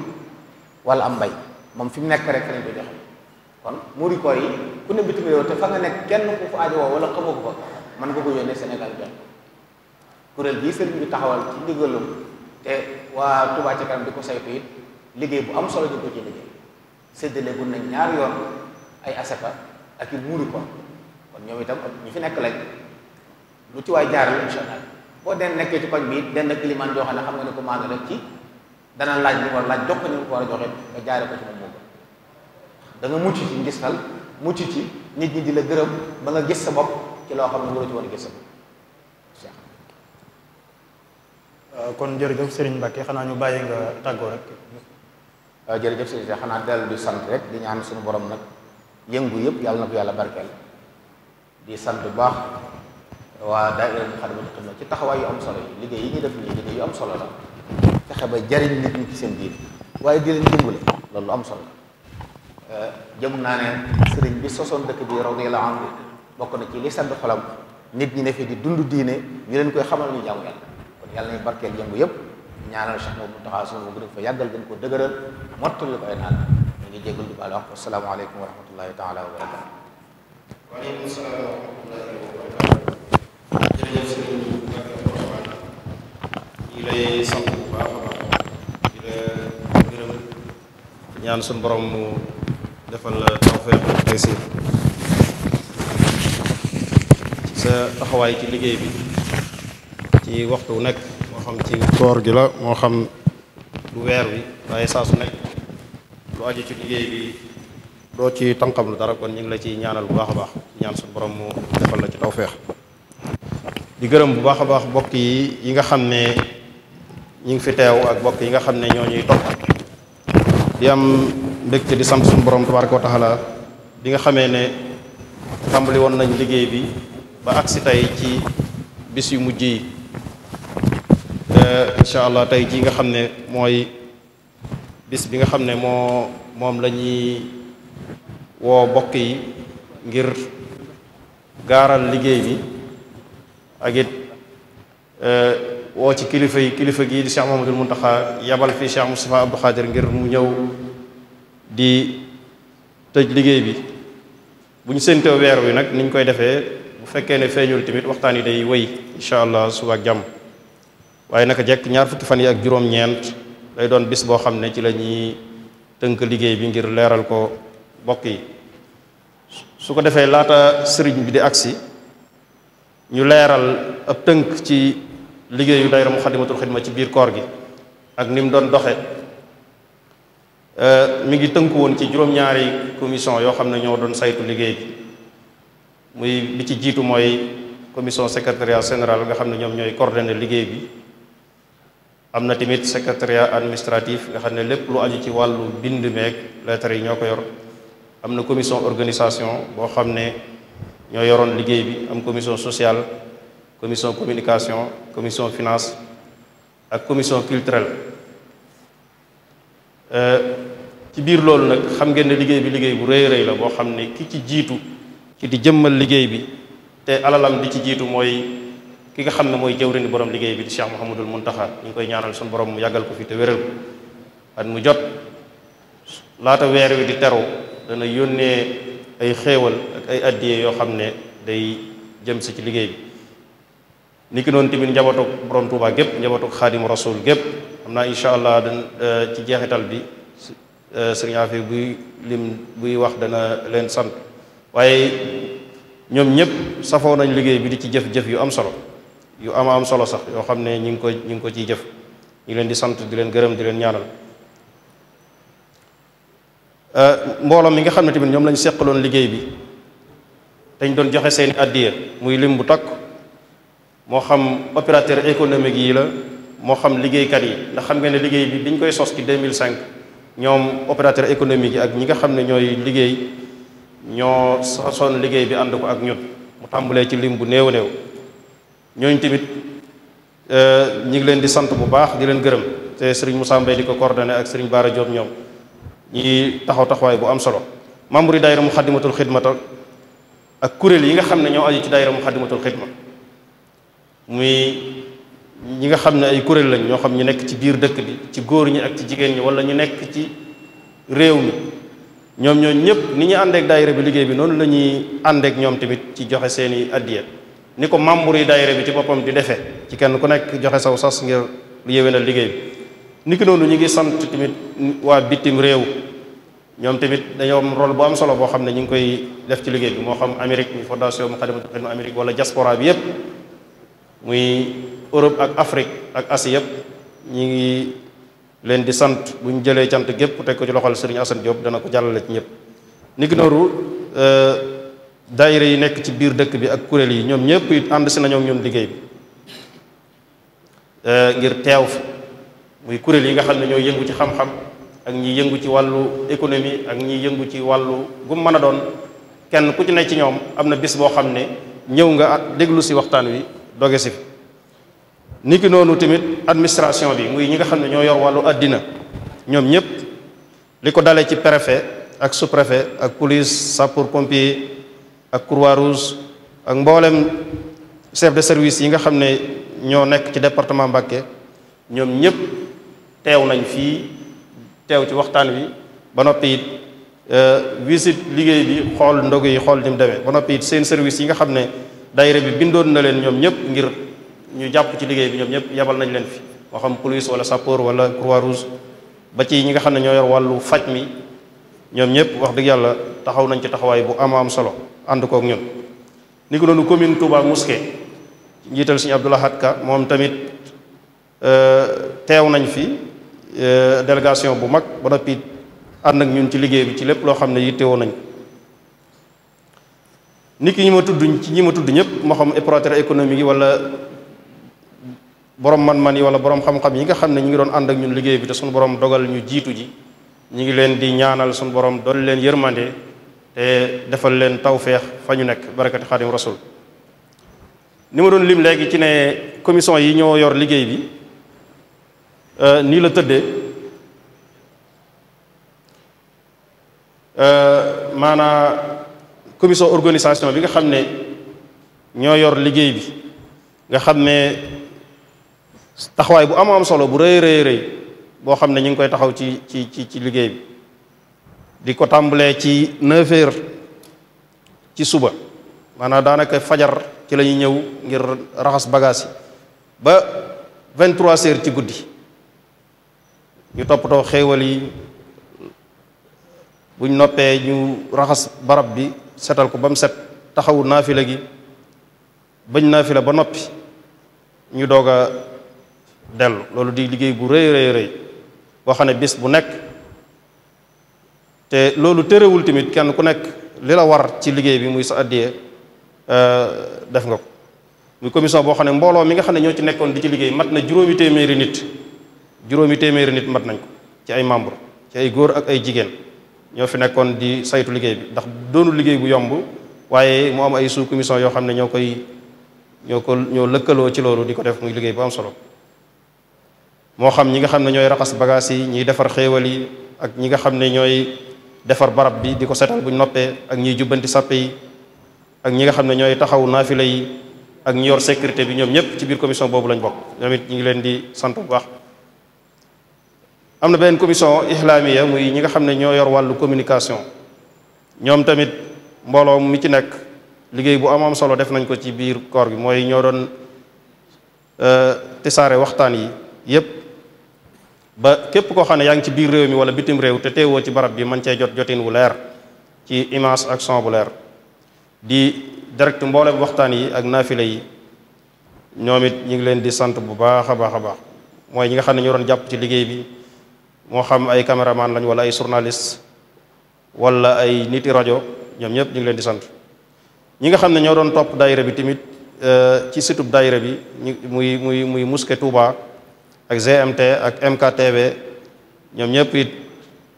wala am mbay moom fi mu nekk rek lañ ko joxe kon muuri koor yi ku ne bitim réew te fa nga nekk kenn ku fa aajowoo wala xamoo ko fa mën nga ko yónnee Sénégal joxe kuréel bii bu bi taxawal ci ndigalum te waa tubaat ca kanam di ko saytu it liggéey bu am solo ñu ko ci liggéey séddale gun ñaar yoon ay ak i muuru ko kon ñoom itam ñu fi nekk lañ lu ci waay jaaral incha allah boo den nekkee ci koñ bi den climat joo xam ne xam nga ne ko maano rek ci dana laaj bi war laaj jox ko ni ko war a joxe nga jaare ko ci mucc ci nit ñi di la gërëm ba nga gis sa bopp ci loo xam ne waroo euh, kon jërëjëf Serigne Mbacke xanaa ñu bàyyi nga tàggoo rek euh, jërëjëf Serigne xanaa dellu di sant rek di ñaan suñu borom nag yëngu yëpp yàlla na ko yàlla barkeel di sant bu baax waa daayira Moukhaddamatoul Khidma ci taxawaay yu am solo yi liggéey yi ñu def nii liggéey yu am solo la fexe ba jariñ nit ñi ci seen biir waaye di leen dimbale loolu am solo la eh, jëm naa ne sëriñ bi sosoon dëkk bii bi radiyallahu anhu bokk na ci li sant xolam nit ñi ne fi di dund diine ñu leen koy xamal ñu jaamu yàlla kon yàlla nañu barkeel yëngu yëpp ñaanal Cheikh Mountakha sunu bu gën fa yàggal gën ko dëgëral mottali ko ay ñu ngi jégal di baal wax asalaamaaleykum ñaan suñu borom mu defal la tawfeex ak taysiir sa taxawaay ci liggéey bi ci waxtu wu nekk moo xam ci koor gi la moo xam du weer wi waaye saa su nekk. lu aju ci liggéey bi doo ci tànqam lu dara kon ñu ngi la ciy ñaanal bu baax a baax ñaan suñ borom mu defal la ci tawféex di gërëm bu baax a baax bokk yi yi nga xam ne ñu ngi fi teew ak bokk yi nga xam ne ñoo ñuy topp di am mbégte di sant borom tabaraka wa taala bi nga xamee ne tàmbali woon nañ liggéey bi ba agsi tey ci bis yu mujj yi incha allah tey jii nga xam ne mooy bis bi nga xam ne moo moom la ñuy woo bokk yi ngir gaaral liggéey bi ak it eh, woo ci kilifa yi kilifa gii di Cheikh Mouhamadoul Mountakha yabal fii Cheikh Moustapha Abdou Khadir ngir mu ñëw di tëj liggéey bi bu ñu séentoo weer wi nag niñ koy defee bu fekkee ne feeñul tamit waxtaan yi day wéy incha allah suba ak jàmm waaye naka jekk ñaar fukki fan yi ak juróom-ñeent day doon bis boo xam ne ci lañuy tënk liggéey bi ngir leeral ko bokk yi su ko defee laata sëriñ bi di agsi ñu leeral ab tënk ci liggéeyu daayira Muxaddamatul Xidma ci biir koor gi ak ni mu doon doxe euh, mi ngi tënku woon ci juróom-ñaari commission yoo xam ne ñoo doon saytu liggéey bi muy bi ci jiitu mooy commission secrétariat général nga xam ne ñoom ñooy coordonné liggéey bi am na tamit secrétariat administratif nga xam ne lépp lu aju ci wàllu bind meeg lettre yi ñoo ko yor am na commission organisation boo xam ne ñoo yoroon liggéey bi am commission sociale commission communication commission finance ak commission culturelle euh, ci biir loolu nag xam ngeen ne liggéey bi liggéey bu rëy rëy la boo xam ne ki ci jiitu ci di jëmmal liggéey bi te alalam di ci jiitu mooy ki nga xam ne mooy jëwrini borom liggéey bi di Cheikh Mouhamadul Muntaxa ñu ngi koy ñaanal suñu borom mu yàggal ko fi te wéral ko at mu jot laata weer wi di teru dana yónnee ay xéewal ak ay addiye yoo xam ne day jëm si ci liggéey bi ni ki noonu tamit njabootug borom Touba gépp njabootug xaadim rasul gépp xam naa incha allah dañ eh, ci jeexital bi eh, sëriñ Afi buy lim buy wax dana leen sant waaye ñoom ñëpp safoo nañ liggéey bi di ci jëf-jëf yu am solo yu ama am solo sax yoo xam ne ñi ngi ko ñi ngi ko ciy jëf ñu leen di sant di leen gërëm di leen ñaanal euh, mbooloo mi nga xam ne tamit ñoom lañ seqaloon liggéey bi dañ doon joxe seeni addiya muy lim bu takk moo xam opérateur économique yi la moo xam liggéeykat yi ndax xam nga ne liggéey bi biñ koy sos ci 2005 ñoom opérateur économique yi ak ñi nga xam ne ñooy liggéey ñoo sosoon liggéey bi ànd ko ak ñun mu tàmbalee ci lim bu néew néew ñooñu tamit euh, ñi ngi leen di sant bu baax di leen gërëm te sëriñ Moussa Mbaye di ko coordonné ak sëriñ Baara Diop ñoom ñi taxaw taxawaay bu am solo membre yi daayira Muxaddamatul Xidmata ak kuréel yi nga xam ne ñoo aju ci daayira Muxaddamatul Xidma muy ñi nga xam ne ay kuréel lañ ñoo xam ñu nekk ci biir dëkk bi ci góor ñi ak ci jigéen ñi wala ñu nekk ci réew mi ñoom ñooñ ñëpp ni ñu àndeek daayira bi liggéey bi noonu la ñuy àndeek ñoom tamit ci joxe seeni addiya ni ko membre yi daayira bi ci boppam di defee ci kenn ku nekk joxe saw sas ngir yéwénal liggéey bi niki noonu ñu ngi sant tamit waa bitim réew ñoom tamit dañoo am rôle bu am solo boo xam ne ñu ngi koy def ci liggéey bi moo xam Amérique muy fondation Moukhaddamatoul Khidma Amérique wala diaspora bi yépp muy Europe ak Afrique ak Asie yépp ñu ngi leen di sant bu ñu jëlee cant gépp teg ko ci loxol Serigne Assane Diop dana ko jàllale ci ñëpp niki euh, daayira yi nekk ci biir dëkk bi ak kuréel yi ñoom ñëpp it ànd si na ñoom ñoom liggéey bi eh, ngir teew fi muy kuréel yi nga xam ne ñoo yëngu ci xam-xam ak ñi yëngu ci wàllu économie ak ñi yëngu ci wàllu gum mën a doon kenn ku ci ne ci ñoom am na bis boo xam ne ñëw nga déglu si waxtaan wi doge si ni ki noonu tamit administration bi muy ñi nga xam ne ñoo yor wàllu àddina ñoom ñëpp li ko dalee ci préfet ak sous-préfet ak police sapeur pompier ak croix rouge ak mboolem chef de service yi nga xam ne ñoo nekk ci département Mbacké ñoom ñëpp teew nañ fii teew ci waxtaan wi ba noppi it euh, visite liggéey bi xool ndogu yi xool ni mu demee ba noppi it seen service yi nga xam ne daayira bi bindoon na leen ñoom ñëpp ngir ñu jàpp ci liggéey bi ñoom ñëpp yabal nañ leen fi moo xam police wala sapeur wala croix rouge ba ci ñi nga xam ne ñoo yor wàllu faj mi ñoom ñëpp wax dëgg yàlla taxaw nañ ci taxawaay bu am am solo ànd kook ñun ni ko noonu commune Touba Mosquée njiital suñu Abdou moom tamit euh, teew nañ fi euh, délégation bu mag ba noppi ànd ak ñun ci liggéey bi ci lépp loo xam ne yittewoo nañ nit ki ñi ma tudd ci ñi ma tudd ñëpp moo xam opérateur économique yi wala borom man-man yi wala borom xam-xam yi nga xam ne ñu ngi doon ànd ak ñun liggéey bi te suñu borom dogal ñu jiitu ji ñu ngi leen di ñaanal suñu borom dool leen yërmande Eh, defal leen tawféex fa ñu nekk barakati xaadim rasul ni ma doon lim léegi ci ne commission yi ñoo yor liggéey bi eh, nii la tëddee eh, maanaa commission organisation bi nga xam ne ñoo yor liggéey bi nga xam ne taxawaay bu am am solo bu rëy rëy rëy boo xam ne ñu ngi koy taxaw ci ci ci ci liggéey bi di ko tàmbalee ci neuf ci suba maanaam daanaka fajar ci la ñuy ñëw ngir raxas bagaas yi ba vingt trois ci guddi ñu toppatoo xéewal yi buñ noppee ñu raxas barab bi setal ko ba mu set taxawu naafila gi bañ naafila ba noppi ñu doog a dellu loolu di liggéey bu rëy rëy rëy boo xam ne bis bu nekk te loolu tërëwul tamit kenn ku nekk li la war ci liggéey bi muy sa addiye euh, def nga ko muy commission boo xam ne mbooloo mi nga xam ne ñoo ci nekkoon di ci liggéey mat na juróomi téeméeri nit juróomi téeméeri nit mat nañ ko ci ay membre ci ay góor ak ay jigéen ñoo fi nekkoon di saytu liggéey bi ndax doonul liggéey bu yomb waaye mu am ay sous commission yoo xam ne ñoo koy ñoo ko ñoo lëkkaloo ci loolu di ko def muy liggéey bu am solo moo xam ñi nga xam ne ñooy raxas bagages yi ñiy defar xéewal yi ak ñi nga xam ne ñooy defar barab bi di ko setal buñ noppee ak ñiy jubbanti sàppe yi ak ñi nga xam ne ñooy taxaw naafila yi ak ñi yor sécurité bi ñoom ñëpp ci biir commission boobu lañ bokk ñoom ñu ngi leen di sant bu baax am na benn commission islamiya muy ñi nga xam ne ñoo yor wàllu communication ñoom tamit mbooloo mi ci nekk liggéey bu am am solo def nañ ko ci biir koor gi mooy ñoo doon euh, tisaare waxtaan yi yépp ba képp koo xam ne yaa ngi ci biir réew mi wala bitim réew te teewoo ci barab bi man cee jot jotin wu leer ci image ak son bu leer di direct mboolem waxtaan yi ak naafile yi ñoom it ñu ngi leen di sant bu baax a baax a baax mooy ñi nga xam ne ñoo doon jàpp ci liggéey bi moo xam ay caméraman lañ wala ay journaliste wala ay niti rajo ñoom ñëpp ñu ngi leen di sant ñi nga xam ne ñoo doon topp dayre bi tamit euh, ci situb daayira bi muy muy muy muske Touba ak GMT ak MKTV ñoom ñëpp it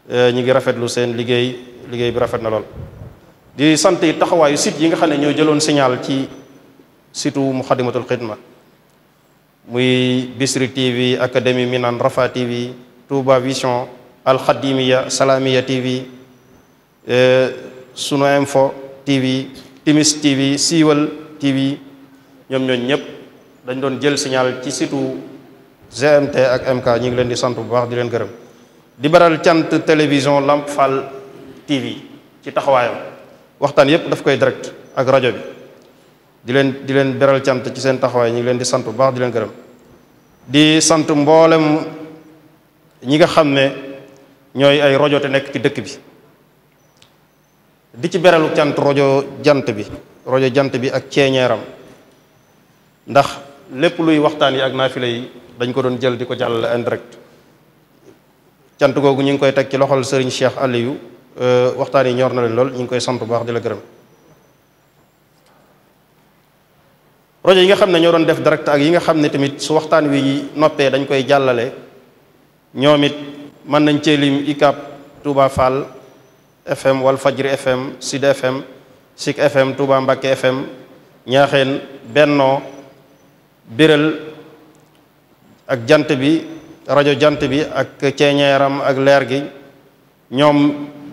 euh, ñu ngi rafetlu seen liggéey liggéey bi rafet na lool. di sant it taxawaayu site yi nga xam ne ñoo jëloon signal ci situ Muxaddamatul Xidma muy Bisri TV Académie Minan Rafa TV Touba Vision Alxadimiya Salamiya TV euh, Sunu Info TV Timis TV Siiwal TV ñoom ñooñ ñëpp dañ doon jël signal ci situ. GMT ak MK ñu ngi leen di sant bu baax di leen gërëm di baral cant télévision Lamp Fall TV ci taxawaayam waxtaan yépp daf koy direct ak rajo bi di leen di leen beral cant ci seen taxawaay ñu ngi leen di sant bu baax di leen gërëm di sant mboolem ñi nga xam ne ñooy ay rajo nekk ci dëkk bi di ci beralu cant rajo jant bi rojo jant bi ak ceeñeeram ndax lépp luy waxtaan yi ak naafila yi dañ ko doon jël di ko jàllale en direct cant googu ñu ngi koy teg ci loxol sëriñ Cheikh Aliou euh, waxtaan yi ñor na leen lool ñu ngi koy sant bu baax di la gërëm projet yi nga xam ne ñoo doon def direct ak yi nga xam ne tamit su waxtaan wi noppee dañ koy jàllale ñoom it mën nañ cee lim ICAP Touba Fall FM Wal Fajri FM Sud FM Sik FM Touba Mbakke FM Ñaaxeen Benno Biral ak jant bi rajo jant bi ak ceeñeeram ak leer gi ñoom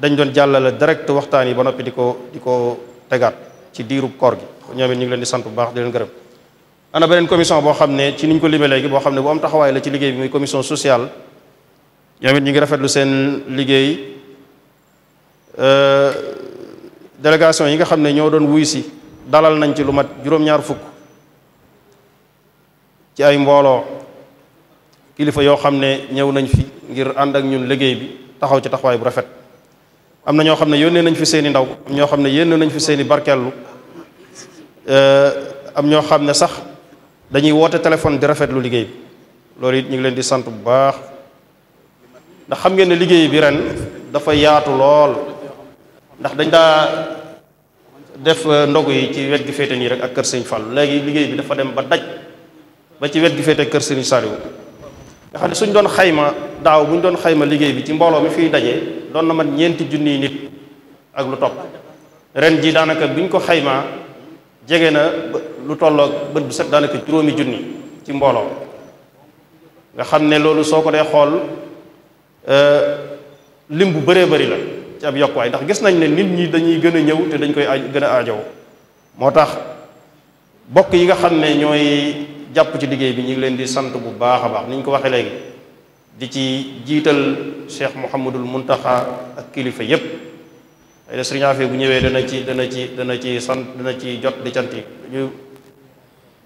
dañ doon jàllale direct waxtaan yi ba noppi di ko di ko tegaat ci diirub koor gi ñoom it ñu ngi leen di sant bu baax di leen gërëm ana beneen commission boo xam ne ci niñ ko limee léegi boo xam ne bu am taxawaay la ci liggéey bi muy commission sociale ñoom ñu ngi rafetlu seen liggéey euh, délégation yi nga xam ne ñoo doon wuy si dalal nañ ci lu mat juróom-ñaar fukk ci ay mbooloo kilifa yoo xam ne ñëw nañ fi ngir ànd ak ñun liggéey bi taxaw ci taxawaay bu rafet am na ñoo xam ne yónnee nañ fi seeni ndaw ñoo xam ne yénn nañ fi seeni barkeellu am ñoo xam ne sax dañuy woote téléphone di rafetlu liggéey bi loolu it ñu ngi leen di sant bu baax ndax xam ngeen ne liggéey bi ren dafa yaatu lool ndax dañ daa def e, ndogu yi ci wet gi féete nii rek ak kër Sëriñ Fall léegi liggéey bi dafa dem ba daj ba ci wet gi féete kër Sëriñ Saliou nga xam ne suñ doon xayma daaw buñ doon xayma liggéey bi ci mbooloo mi fiy daje doon na man ñeenti junniy nit ak lu topp ren ji daanaka buñ ko xayma jege na lu tolloog bët bu set daanaka juróomi junni ci mbooloo nga xam ne loolu soo ko dee xool euh, lim bu baree bari la ci ab yokkuwaay ndax gis nañ ne nit ñi dañuy gën a ñëw te dañ koy gën a aajow moo tax bokk yi nga xam ne ñooy jàpp ci liggéey bi ñu ngi leen di sant bu baax a baax ni ñu ko waxee léegi di ci jiital Cheikh Mouhamadul Muntaxa ak kilifa yépp ay da sëriñ bu ñëwee dana ci dana ci dana ci sant dana ci jot di cant ñu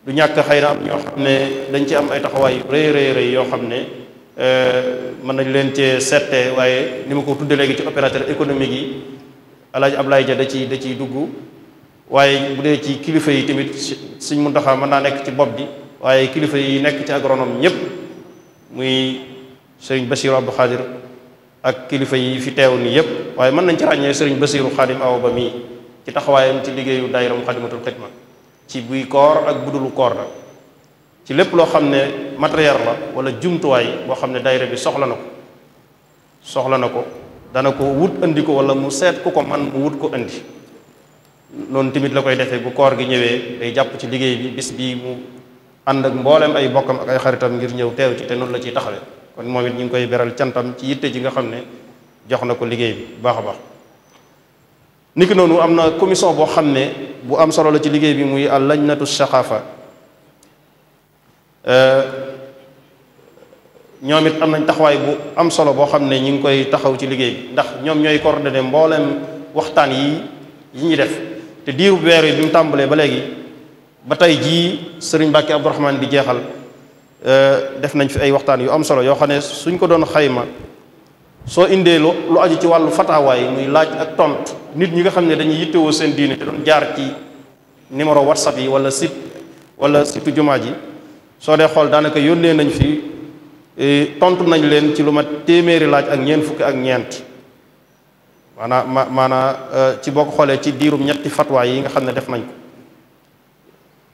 du ñàkk xëy na am ñoo xam ne dañ ci am ay taxawaay rëy rëy yoo xam ne euh, mën nañ leen cee seete waaye ni ma ko tudde léegi ci opérateur économique yi Alaaji Ablaye Ja da ci da ciy dugg waaye bu dee ci kilifa yi tamit Sëriñ Muntaxa mën naa nekk ci bopp bi waaye kilifa yi nekk ci agronome ñëpp muy sëriñ Basiru Abdu Xaadir ak kilifa yi fi teew nii yëpp waaye mën nañ ci ràññee sëriñ Basiru Xaadim Awa Ba mii ci taxawaayam ci liggéeyu daayira Muxaddamatul Xidma ci buy koor ak budulu koor la ci lépp loo xam ne matériel la wala jumtuwaay boo xam ne daayira bi soxla na ko soxla na ko dana ko wut indi ko walla mu seet ku ko man mu wut ko andi noonu tamit la koy defee bu koor gi ñëwee day jàpp ci liggéey bi mu ànd ak mbooleem ay bokkam ak ay xaritam ngir ñëw teew ci te noonu la ciy taxawe kon moom it ñu ngi koy beral cantam ci yitte ji nga xam ne jox na ko liggéey bi baax a baax niki noonu am na commission boo xam ne bu am solo la ci liggéey bi muy al lajnatu saxaafa euh, ñoom it am nañ taxawaay bu am solo boo xam ne ñu ngi koy taxaw ci liggéey bi ndax ñoom ñooy coordonné mbooleem waxtaan yi yi ñuy def te diiru weer yi bi mu tàmbalee ba léegi ba tey jii sëriñ Mbàkke Abdourahmane bi jeexal euh, def nañ fi ay waxtaan yu am solo yoo xam ne suñ ko doon xayma soo indee lu lu aju ci wàllu fataawaay muy laaj ak tontu nit ñi nga xam ne dañuy yittewoo seen diine te doon jaar ci numéro whatsapp yi wala site wala site jumaa ji soo dee xool daanaka yónnee nañ fi eh, tontu nañ leen ci lu ma téeméeri laaj ak ñeent fukki ak ñeent maanaa ma maanaa euh, ci boo ko xoolee ci diirum ñetti fatwaay yi nga xam ne def nañ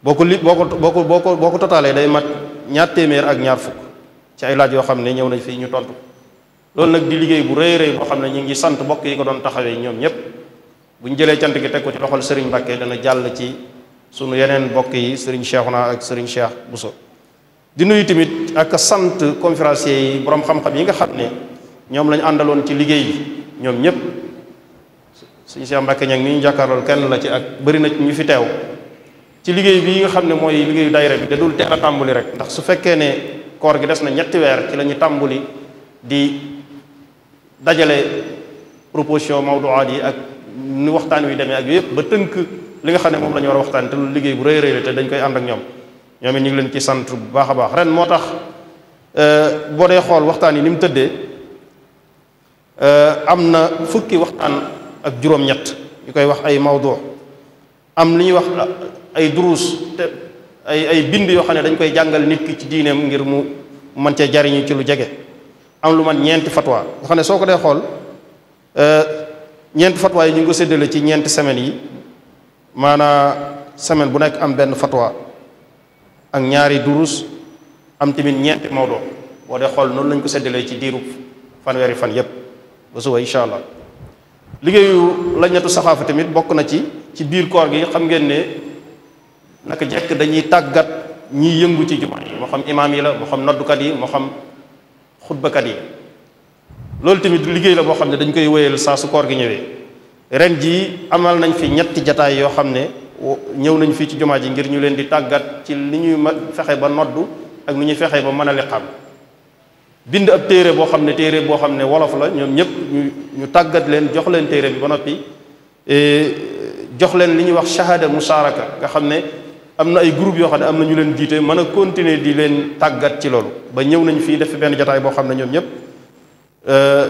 boo ko li boo ko boo ko boo ko boo ko totaalee day mat ñaar téeméer ak ñaar fukk ci ay laaj yoo xam ne ñëw nañ fii ñu tontu loolu nag liggéey bu rëy rëy boo xam ne ñu ngi sant mbokk yi ko doon taxawee ñoom ñëpp bu ñu jëlee cant gi teg ci loxol Serigne Mbacke dana jàll ci sunu yeneen mbokk yi Serigne Cheikhouna ak Serigne Cheikh Bousso di nuyu tamit ak sant conférenciers yi borom yi nga xam ne ñoom lañ àndaloon ci liggéey ñoom ñëpp Serigne Cheikh Mbacke ña ngi ñu jàkkaarlool kenn la ci ak bëri na ñu fi teew. ci liggéey bi nga xam ne mooy liggéeyu dayra bi da dul teel a tàmbali rek ndax su fekkee ne koor gi des na ñetti weer ci la ñu di dajale proposition mawduwaat yi ak ni waxtaan wi demee ak yëpp ba tënk li nga xam ne moom lañu war a waxtaan te lu liggéey bu rëy rëy te dañ koy ànd ak ñoom ñoom ñu ngi leen ci sant bu baax a baax ren moo tax euh, boo dee xool waxtaan yi ni mu tëddee euh, am na fukki waxtaan ak juróom-ñett ñu koy wax ay mawdu am ay duruus te ay ay bind yoo xam ne dañ koy jàngal nit ki ci diineem ngir mu man cee jariñu ci lu jege am lu man ñeenti fatwa nga xam ne soo ko dee xool euh, ñeenti fatwa yi ñu ngi ko séddale ci ñeenti semaines yi maanaa semaine bu nekk am benn fatwa ak ñaari durus am tamit ñeenti mawdo boo dee xool noonu lañ ko séddalee ci diiru fanweeri fan yépp ba suba incha allah liggéeyu lañetu saxaafa tamit bokk na ci ci biir koor gi xam ngeen naka jekk dañuy tàggat ñuy yëngu ci jumaa yi moo xam imaam yi la moo xam noddukat yi moo xam xutbakat yi loolu tamit liggéey la boo xam ne dañu koy wéyal saa su koor gi ñëwee ren jii amal nañ fi ñetti jataay yoo xam ne ñëw nañu fii ci jumaa ji ngir ñu leen di tàggat ci li ñuy fexe ba noddu ak nu ñuy fexe ba mën a liqaam bind ab téere boo xam ne téere boo xam ne wolof la ñoom ñëpp ñu ñu tàggat leen jox leen téere bi ba noppi eh, jox leen li ñuy wax shahada musaaraka nga xam ne am na ay groupe yoo xam ne am na ñu leen jiite mën a continuer di leen tàggat ci loolu ba ñëw nañ fii def benn jataay boo xam ne ñoom ñëpp euh,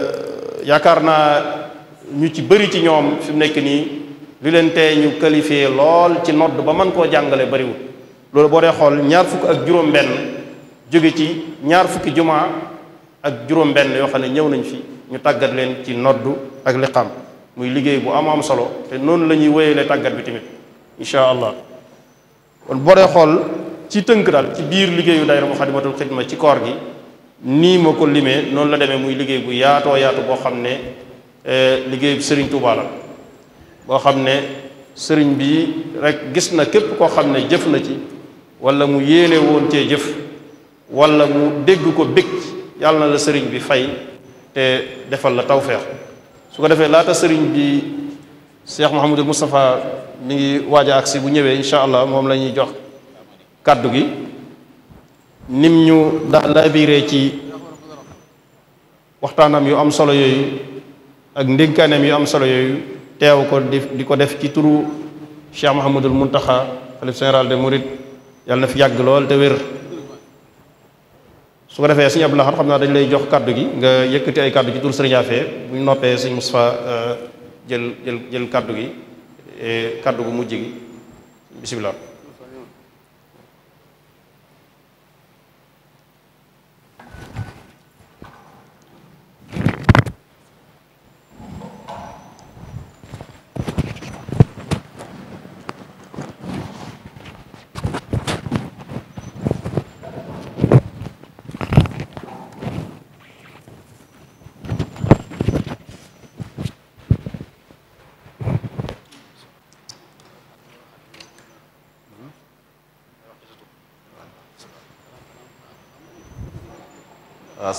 yaakaar naa ñu ci bëri ci ñoom fi mu nekk nii li leen tee ñu qualifié lool ci nodd ba man koo jàngale bëriwul loolu boo dee xool ñaar fukk ak juróom-benn jóge ci ñaar fukki jumaa ak juróom-benn yoo xam ne ñëw nañ fi ñu tàggat leen ci nodd ak liqam muy liggéey bu am am solo te noonu la ñuy wéyale tàggat bi tamit incha allah kon boo dee xool ci tënk daal ci biir liggéeyu daayira Muxaddamatul Xidma ci koor gi nii ma ko limee noonu la demee muy liggéey bu yaatoo yaatu boo xam ne eh, liggéey bu sëriñ Tuubaa la boo xam ne sëriñ bi rek gis na képp koo xam ne jëf na ci walla mu yéene woon cee jëf wala mu dégg ko bég yàlla na la sëriñ bi fay te defal la tawféex su ko defee laata sëriñ bi Cheikh Mouhamadul Moustapha mi ngi waaj a agsi bu ñëwee incha allah moom la ñuy jox kàddu gi nim ñu daal la biiree ci waxtaanam yu am solo yooyu ak ndénkaaneem yu am solo yooyu teew ko di di ko def ci turu Cheikh Mouhamadul Mountakha xalif général de Mouride yàlla na fi yàgg lool te wér. su ko defee sëñ Abdou Lahad xam naa dañ lay jox kàddu gi nga yëkkati ay kàddu ci turu Sëriñ Afe bu ñu noppee sëñ Moustapha euh, jël jël jël kaddu gi eh, kaddu gu mujj gi bisimilah.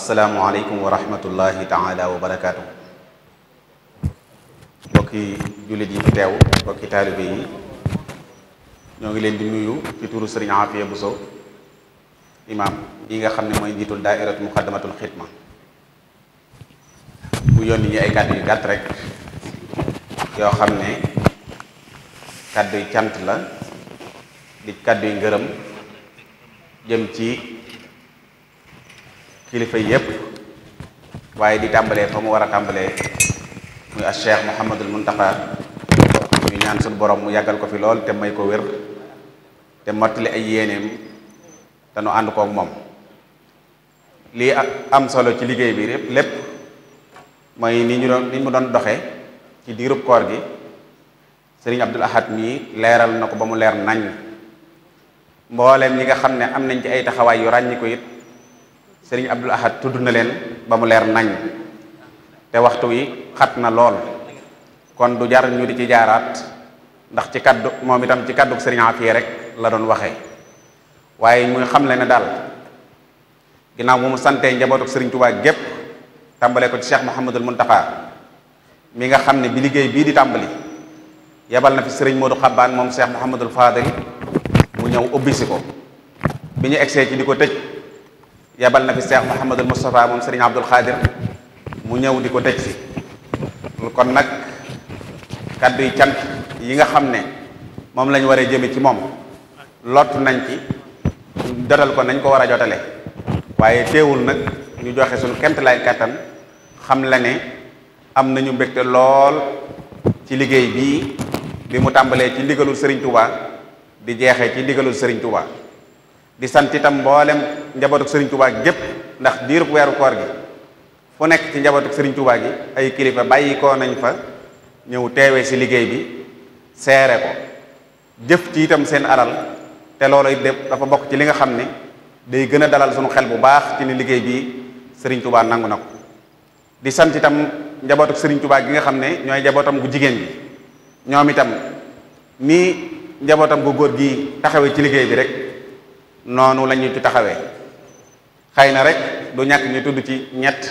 asalaamualeykum wa rahmatullahi taala wa barakaatu. jullit yi fi teew mbokki taalibe yi ñoo ngi leen di nuyu ci turu sëriñ Afiya Buso imaam yi nga xam ne mooy njiitul daairatu muqaddamatul xidma bu yónni ñu ay kàddu gàtt rek yoo xam ne kàddu cant la di kàddu ngërëm jëm ci kilifa yépp waaye di tàmbalee fa mu war a tàmbalee muy a cheikh Mouhamadul mu ñu ñaan suñu borom mu yàggal ko fi lool te may ko wér te li ay yéeneem te nu ànd kook moom lii am solo ci liggéey bi lépp lépp mooy ni ñu doon ni mu doon doxe ci diirub koor gi sëriñ Abdul Ahad mii leeral na ko ba mu leer nañ mboolem ñi nga xam ne am nañ ci ay taxawaay yu ràññi ko it sëriñ Abdul Ahad tudd na leen ba mu leer nañ te waxtu wi xat na lool kon du jar ñu di ci jaaraat ndax ci kaddu moom itam ci kaddu sëriñ Afiya rek la doon waxee waaye muy xam le ne daal ginnaaw moom mu santee njabootu sëriñ Tuubaa gépp tàmbale ko ci Cheikh Mouhamadul Mountakha mi nga xam ne bi liggéey bii di tàmbali yabal na fi sëriñ Modou xaban moom Cheikh Mouhamadul Fadil mu ñëw ubbisi ko bi ñu egsee ci di ko tëj yebal na fi Cheikh Mouhamadul Moustapha moom Serigne Abdoul Khadir mu ñëw di ko tëj si kon nag kaddu yi yi nga xam ne moom lañu waree jëme ci moom lot nañ ci jotal ko nañ ko war a jotale waaye teewul nag ñu joxe suñu kent lay kattan xam la ne am nañu mbégte lool ci liggéey bii bi mu tàmbalee ci ndigalul Serigne Touba di jeexee ci ndigalul Serigne Touba. di sant itam mboolem njabootu sëriñ Tuubaa gi gépp ndax diirub weeru koor gi fu nekk ci njabootu sëriñ Tuubaa gi ay kilifa bàyyi koo nañ fa ñëw teewee si liggéey bi seere ko jëf ci itam seen alal te loolu it dafa bokk ci li nga xam ne day gën a dalal suñu xel bu baax ci ni liggéey bi sëriñ Tuubaa nangu na ko di sant itam njabootu sëriñ Tuubaa gi nga xam ne ñooy njabootam gu jigéen bi ñoom itam nii njabootam gu góor gi taxawee ci liggéey bi rek noonu la ñu ci taxawee xëy na rek du ñàkk ñu tudd ci ñett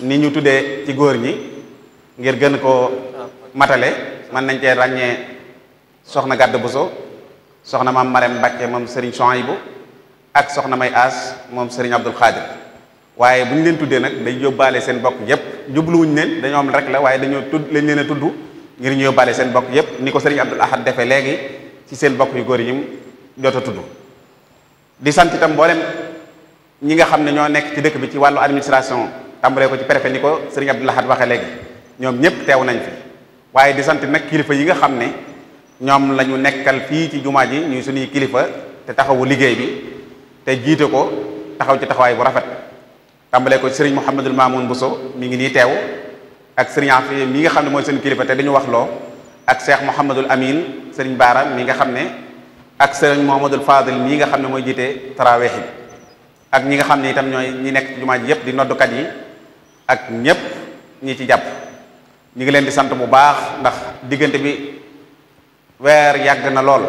ni ñu tuddee ci góor ñi ngir gën koo matale mën nañ cee ràññee soxna Gàdd bu so soxna maam Marème Mbàkke moom Serigne bu ak soxna May As moom Serigne Abdul Xaadir waaye bu ñu leen tuddee nag dañ yóbbaale seen bokk yépp jubluwuñ leen dañoo am rek la waaye dañoo tudd lañ leen a tudd ngir ñu seen bokk yépp ni ko Serigne Abdul Ahad defee léegi ci seen bokk yu góor yi jot tudd di sant itam mboolem ñi nga xam ne ñoo nekk ci dëkk bi ci wàllu administration tàmbalee ko ci préfet ni ko sëriñ Abdou Lahad waxe léegi ñoom ñëpp teew nañ fi waaye di sant nag kilifa yi nga xam ne ñoom lañu nekkal fii ci jumaa ji ñuy suñuy kilifa te taxawu liggéey bi te jiite ko taxaw ci taxawaay bu rafet tàmbalee ko sëriñ Mouhamadul Mamoun Bousso mi ngi nii teew ak sëriñ Afi mi nga xam ne mooy seen kilifa te dañu wax loo ak Cheikh Mouhamadul Amin sëriñ Baara mi nga xam ne ak sëriñ Mouhamadul Fadil mii nga xam ne mooy jiite taraweex ak ñi nga xam ne itam ñooy ñi nekk jumaa ji yëpp di noddukat yi ak ñëpp ñi ci jàpp ñu ngi leen di sant bu baax ndax diggante bi weer yàgg na lool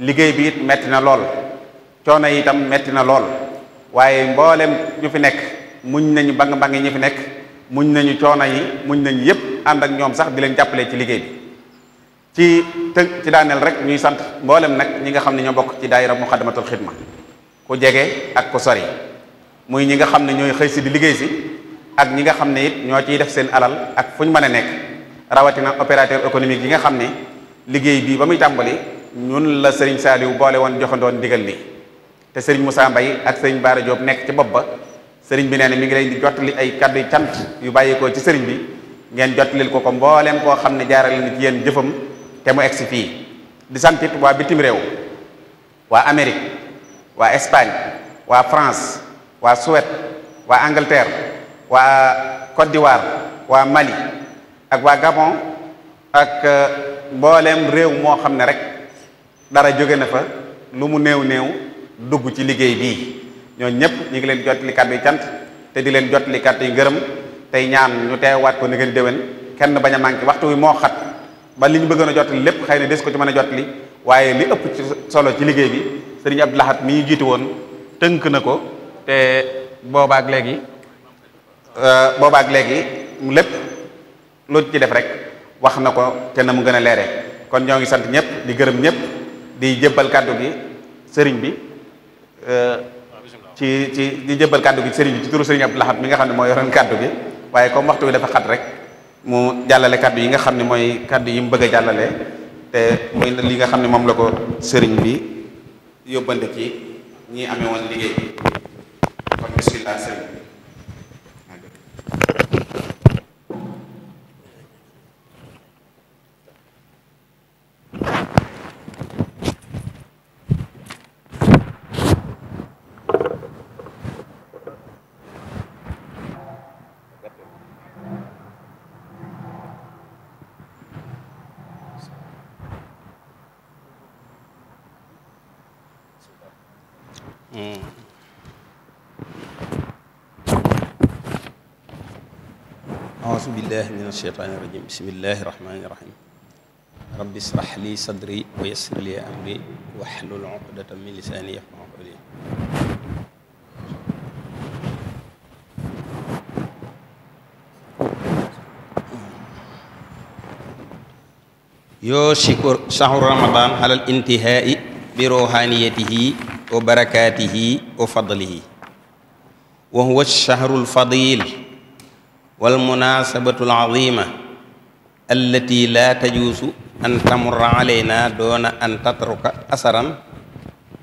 liggéey bi it metti na lool coono yi itam metti na lool waaye mboolem ñu fi nekk muñ nañu bang-bang yi ñu fi nekk muñ nañu coono yi muñ nañu yëpp ànd ak ñoom sax di leen jàppale ci liggéey bi ci tënk ci daaneel rek ñuy sant mboolem nag ñi nga xam ne ñoo bokk ci daayira muxaddamatul xidma ku jege ak ku sori muy ñi nga xam ne ñooy xëy si di liggéey si ak ñi nga xam ne it ñoo ciy def seen alal ak fu ñu mën a nekk rawatina opérateur économique yi nga xam ne liggéey bii ba muy tàmbali ñun la Serigne Saliou boole woon joxandoon ndigal li te Serigne musaa mbay ak Serigne Bara Diop nekk ci bopp ba Serigne bi nee na mi ngi leen di jottali ay kaddu cant yu bàyyeekoo ci Serigne bi ngeen jottalil ko ko mbooleem koo xam ne jaarale na ci yéen te mu egsi fii di santit waa bitim réew waa Amérique waa Espagne waa France waa Suède waa Angleterre waa Côte d'Ivoire waa Mali ak waa Gabon ak euh, mboolem réew moo xam ne rek dara jóge na fa lu mu néew néew dugg ci liggéey bii ñooñu ñëpp ñu ngi leen jotali kàddu yu cant te di leen jotali kàddu yu ngërëm tey ñaan ñu waat ko ni ngeen déwén kenn bañ a waxtu wi moo xat ba li ñu bëggoon a jottali lépp xëy na des ko ci mën a jottali waaye li ëpp ci solo ci liggéey bi sëriñ Abdou laxat mi ñu jiitu woon tënk na ko boobaak léegi euh, boobaak léegi lépp lu ci def rek wax na ko te na mu gën a leere kon ñoo ngi sant ñëpp di gërëm ñëpp di jébbal kàddu gi sëriñ bi euh, ci ci di jébbal kàddu gi sëriñ bi ci turu sëriñ Abdou nga xam ne moo yoroon kàddu gi waaye comme waxtu wi dafa xat rek mu jàllale kàddu yi nga xam ne mooy kaddu yi mu bëgg a jàllale te muy li nga xam ne moom la ko sëriñ bi yóbbante yi ñii amee woon liggéey bi min sheytaani rajim bismillahi rahmaani rahim rabbi israh li sadri wa yassir li amri wahlul uqdatan min lisaani yafqahu qawli yushku shahru ramadan alal intihai bi ruhaniyatihi wa barakatihi wa fadlihi wa huwa ash-shahru al-fadil walmunasabatu alazima allati la tajuusu an tamurra alayna doona an tatruka asaran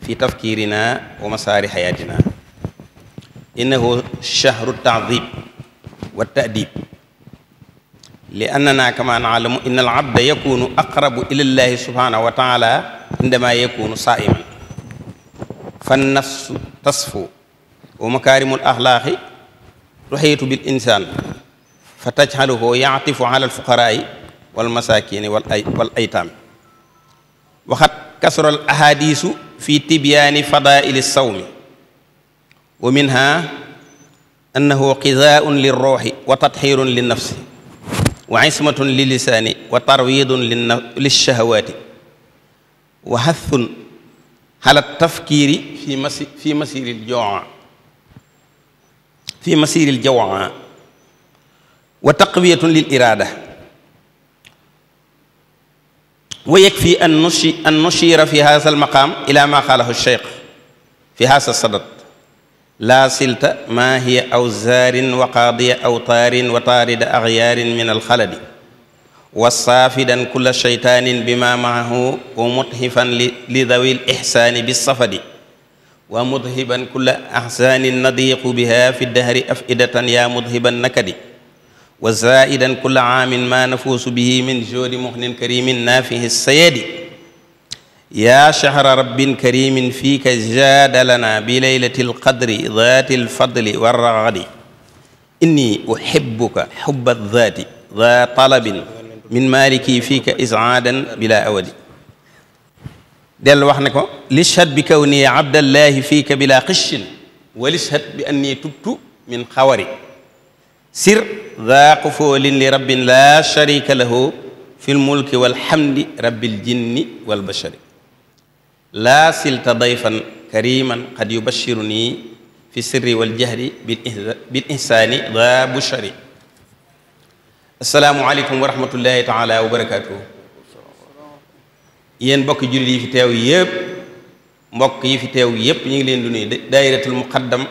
fi tafkiirina wa masaari xayaatina innahu chahru taadib wa taadib li annana kama naalamu in al abda yakunu aqrabu ila llahi subhanahu wa taala indama yakunu saaiman fannafsu tasfu wa makaarimul axlaaqi tuxiitu bil insaan fa tajxaluhu yaatifu ala alfuqaraai walmasakini wal ay wal aytaami waxat kasral ahadisu fi tibyaani fadaili sawmi wa minha annahu qizaaun lirruuxi wa tatxiirun linnafsi wa ismatun lilisaani wa tarwiidun lishahawaati wa hathun ala tafkiiri fi masi fi masiril jawaa fi masiril jawaa wa taqwiyatun lil iraada wa yakfi an nushi an nushira fi haza almaqaam ila ma qaalahu cheikh fi haza sadad laa silta maa hiya aw zaarin wa qaadiya aw taarin wa taarida axyaarin min alxaladi wa saafidan kulla sheytaanin bima maahu wa muthifan li dawi lixsaani bisafadi wa mudhiban kulla axsaanin nadiiqu biha fi dahri afidatan yaa mudhiban nakadi wa zaidan kulla aamin ma nafuusu bihi min joodi muxnin karimin naafihi sayadi yaa chahra rabbin karimin fiika jaadalana bi laylati alqadri daati alfadli warragadi inni uxibuka xuba daati da talabin min maliki fiika isaadan bila awadi dellu wax ne ko lishhad bi kaw nii abdallahi fiika bila xishin wa lishhad bi anni tubtu min xawari sir daa qufoolin li rabbin laa sharika lahu fi lmulki walhamdi rabbil jinni wal bashari laa silta dayfan kariman qad yubashiru nii fi sirri wal jahri bil ihsaani daa bushari asalaamu aleykum wa rahmatullahi taala wa barakaatuhu yéen mbokki jullit yi fi teew yépp mbokk yi fi teew yépp ñu ngi leen di nuyu daayiratul muqaddam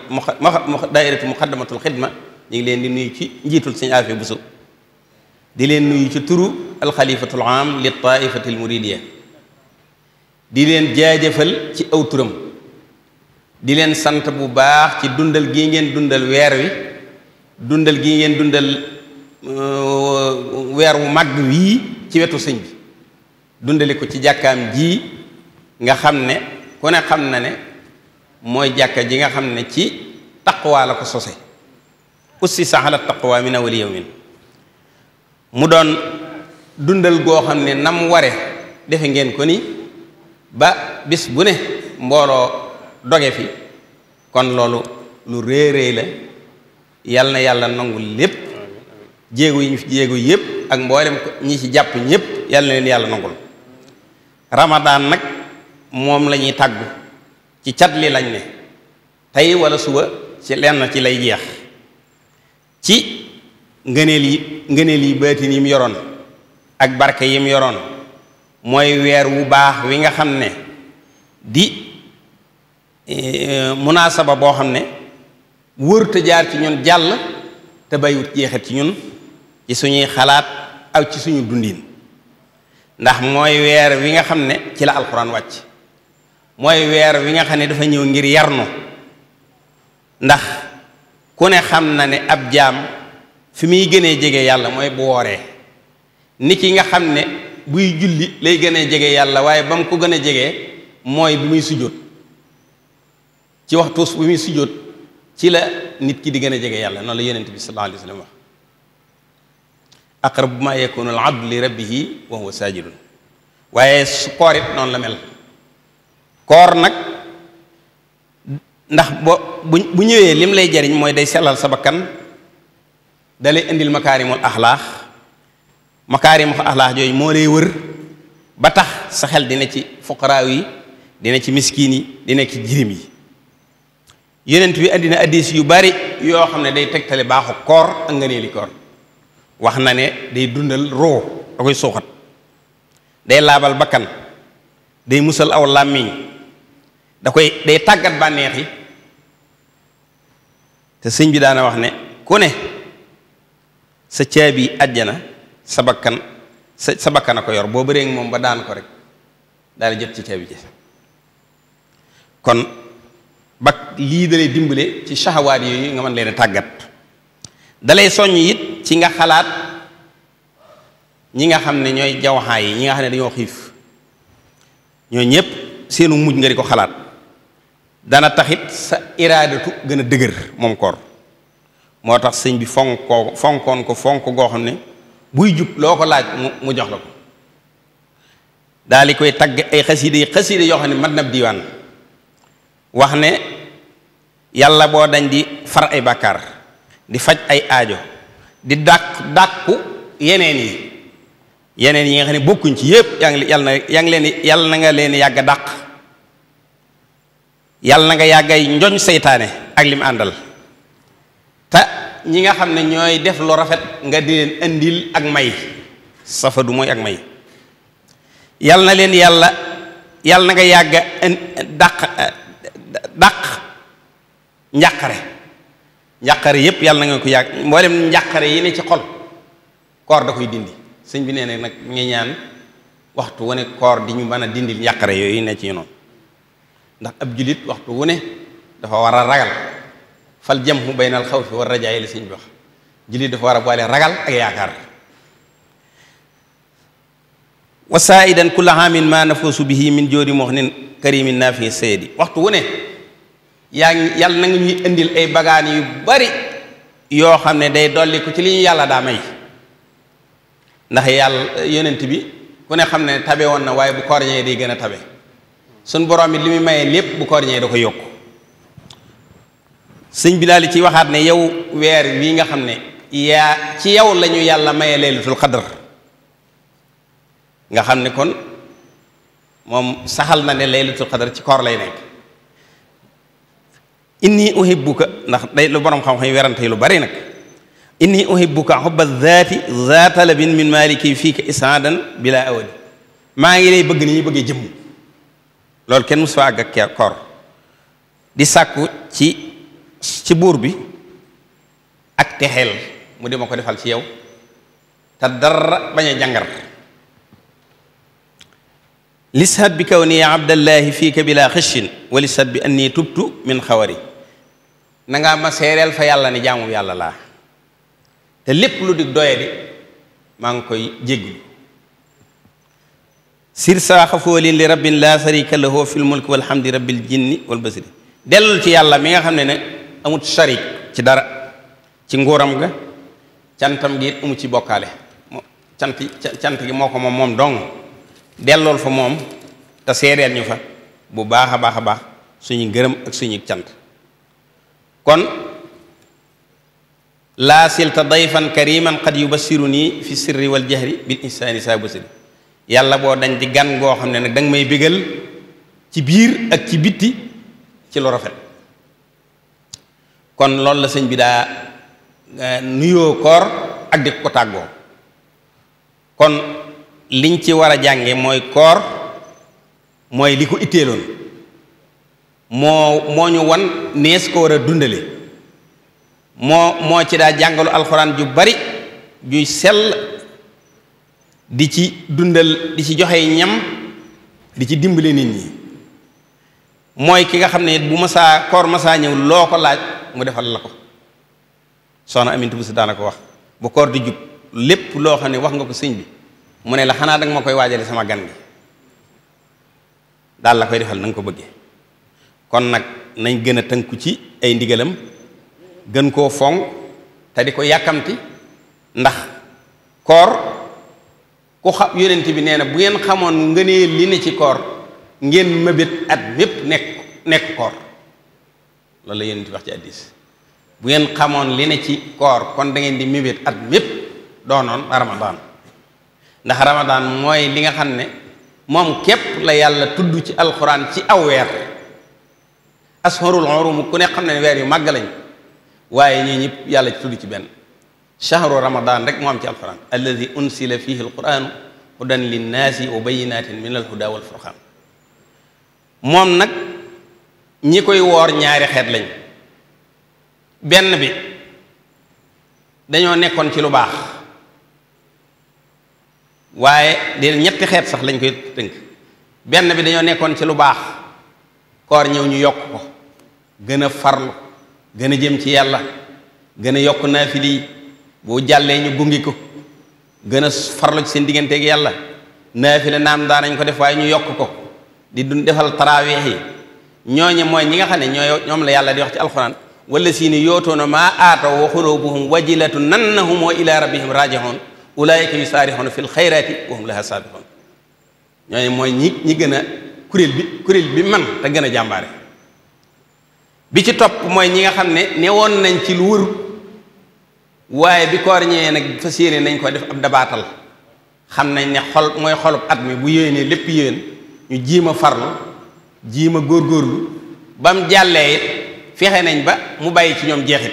daayiratu muqaddamatul xidma ñu ngi leen di nuyu ci njiitul sëñ Afia di leen nuyu ci turu alxalifatul am li taifatil muridiya di leen jaajëfal ci aw turam di leen sant bu baax ci dundal gi ngeen dundal weer wi dundal gi ngeen dundal euh, weer wu mag wii ci wetu sëñ bi dundale ko ci jàkkaam ji nga xam ne ku ne xam na ne mooy jàkka ji nga xam ne ci taqwa la ko sose ussisa ala taqwa min awwali yawmin mu doon dundal goo xam ne nam ware defe ngeen ko ni ba bis bu ne mbooloo doge fi kon loolu lu réeréy la yal na yàlla nangu lépp jéego yi ñu fi jéego yépp ak mboolem ñi ci jàpp ñépp yàlla na leen yàlla nangul ramadaan nag moom lañuy tàggu ci cat li lañ ne tey wala suba ci lenn ci lay jeex ci ngëneel yi ngëneel yi baatin yi mu yoroon ak barke yi mu yoroon mooy weer wu baax wi nga xam ne di e, munaasaba boo xam ne wër jaar ci ñun jàll te bàyyiwut jeexit ci ñun ci suñuy xalaat ak ci suñu dundin ndax mooy weer wi nga xam ne ci la alxuraan wàcc mooy weer wi nga xam ne dafa ñëw ngir yarnu ndax ku ne xam na ne ab jaam fi muy gënee jege yàlla mooy bu wooree ni ki nga xam ne buy julli lay gënee jege yàlla waaye ba mu ko gën a jegee mooy bi muy sujjóot ci waxtuus bi muy sujjóot ci la nit ki di gën a jege yàlla noonu la yonent bi sallallahu alayhi wa sallam ma yakunu al abdu li rabbihi wa huwa sajidun waaye su koor la mel koor nag ndax bo bu bu ñëwee lim lay jariñ mooy day sellal sa bakkan dalay indil makaarimul axlaax makaarimul axlaax jooju moo lay wër ba tax sa xel dina ci fuqaraaw yi dina ci miskiin yi dina ci jirim yi yonent bi indi na addis yu bari yoo xam ne day tegtale baaxu koor a ngëneeli koor wax na ne day dundal roo da koy suuxat day laabal bakkan day musal aw làmmiñ da koy day tàggat bànneex yi te sëñ bi daana wax ne ku ne sa caabi àjjana sa bakkan sa sa bakkana ko yor boo bëree moom ba daan ko rek daal jot ci caabi ji kon bak lii dalay dimbale ci saxawaat yooyu nga mën leen a tàggat dalay soññ it ci nga xalaat ñi nga xam ne ñooy jawxaa yi ñi nga xam ne dañoo xiif ñoo ñëpp seenu mujj nga di ko xalaat dana taxit sa iraadatu gën a dëgër moom koor moo tax sëñ bi fonk fonkoon ko fonk goo xam buy jub loo ko laaj mu jox la ko daal di koy tagg ay xaside yi xaside yoo xam ne mat na diwaan wax ne yàlla boo dañ di far ay bàkkaar di faj ay aajo di dàq dàqu yeneen yi yeneen yi nga xam ne bokkuñ ci yépp yaa ngi yàlla na yaa ngi leen yàlla na nga leen yàgg a dàq yàlla na nga yàggay njoñ seytaane ak lim àndal te ñi nga xam ne ñooy def lu rafet nga di leen indil ak may safadu mooy ak may yàlla na leen yàlla yàlla na nga yàgga dàq dàq njàqare njàqare yépp yàlla na nga ko yàgg mboolem njàqare yi ne ci xol koor da koy dindi sëñ bi nee ne nag ñu ñaan waxtu wane koor di ñu mën a dindil njàqare yooyu ne ci noonu ndax ab julit waxtu wu ne dafa war a ragal fal jam mu baynal xaw fi war a li suñ bi wax julit dafa war a boole ragal ak yaakaar wa saaidan kulla haamin ma nafuusu bihi min joori muxnin karimin naafi saydi waxtu wu ne yaa ngi yàlla na nga ñuy indil ay bagaan yu bari yoo xam ne day dolli ko ci li ñu yàlla daa may ndax yàlla yonent bi ku ne xam ne tabe woon na waaye bu koor ñëwee day gën a tabe suñ borom it li muy mayee lépp bu koor ñëwee da ko yokk sëñ bi daal di ci waxaat ne yow weer wi nga xam ne yaa ci yow lañu yàlla maye laylatul xadar nga xam ne kon moom saxal na ne laylatul xadar ci koor lay nekk inni uhibbuka ndax day lu borom xam-xam yi werante yi lu bari nag inni uhibbuka hubba zaati za talabin min maliki fii ka isaadan bila awali maa ngi lay bëgg ni ñuy bëggee jëmm loolu kenn musu fa àgg ak koor di sàkku ci ci buur bi ak texeel mu di ko defal ci yow te dara bañ a jàngar lishat bi kaw nii abdallahi fiika bila xishin wa lishat bi anni tubtu min xawari na ma seereel fa yàlla ne jaamu yàlla laa te lépp lu di doye di maa ngi koy jéggi sir sirsaa xafoolin li rabbin laa sharika lahu fil mulki walhamdi rabbil jinni wal basri dellool ci yàlla mi nga xam ne nag amut sharik ci dara ci nguuram ga cantam gi amu ci bokkaale cant gi moo ko moom moom dong dellool fa moom te seedeel ñu fa bu baax a baax a baax suñu ngërëm ak suñu cant kon laa silta dayfan kariman qad yubassiru nii fi sirri wal jahri bil insaani saa basiri yàlla boo dañ di gan goo xam ne nag danga may bégal ci biir ak ci bitti ci lu kon loolu la sëñ bi daa eh, nuyoo koor ak di ko tàggoo kon liñ ci war a jànge mooy koor mooy li ko itteeloon moo moo ñu wan nees ko war a dundale moo moo ci daa jàngalu alxuraan ju bari juy sell di ci dundal di ci joxe ñam di ci dimbale nit ñi mooy ki nga xam ne bu masaa koor masaa ñëw loo ko laaj mu defal la ko soxna Aminta Bousso daana ko wax bu koor di jub lépp loo xam ne wax nga ko sëñ bi mu ne la xanaa danga ma koy waajale sama gan gi daal la koy defal na nga ko bëggee kon nag nañ gën a tënku ci ay ndigalam gën koo fonk te di ko yàkkamti ndax koor ku xam yonent bi nee na bu ngeen xamoon ngënee li ne ci koor ngeen mébét at mépp nekk nekk koor loolu la yonent bi wax ci hadiis bu ngeen xamoon li ne ci koor kon dangeen di mébét at mépp doonoon ramadaan ndax ramadaan mooy li nga xam ne moom képp la yàlla tudd ci alxuraan ci aw weer asharul xurum ku ne xam ne weer yu màgg lañ waaye ñii ñëpp yàlla ci tudd ci benn chahru ramadan rek moo am ci alquran alladi unsila fihi alquranu hudan linnaasi wa bayinatin min alhuda walfurqan moom nag ñi koy woor ñaari xeet lañ benn bi dañoo nekkoon ci lu baax waaye de xeet sax lañ koy tënk benn bi dañoo nekkoon ci lu baax koor ñëw ñu yokk ko gën a farlu gën a jëm ci yàlla gën a yokk naafili bu jàllee ñu gungi ko gën a farlu ci seen digganteeg yàlla naafile naam daanañ ko def waaye ñu yokk ko di dun defal taraaweex yi ñooñe mooy ñi nga xam ne ñooy ñoom la yàlla di wax ci alxuraan wala si ni yootoona maa aataw wa xulubuhum wajilatu nannahum wa ila rabbihim rajihoon ulaayika yusaarixoona fi lxayraati wa hum laha saabixoon ñooñe mooy ñi ñi gën a kuréel bi kuréel bi man te gën a jàmbaare bi ci topp mooy ñi nga xam ne newoon nañ ci lu wër waaye bi koor ñëwee nag fas yéene nañ ko def ab dabaatal xam nañ ne xol mooy xolub at mi bu yéenee lépp yéen ñu jiima farlu jiima góor ba bam jàllee it fexe nañ ba mu bàyyi ci ñoom jeexit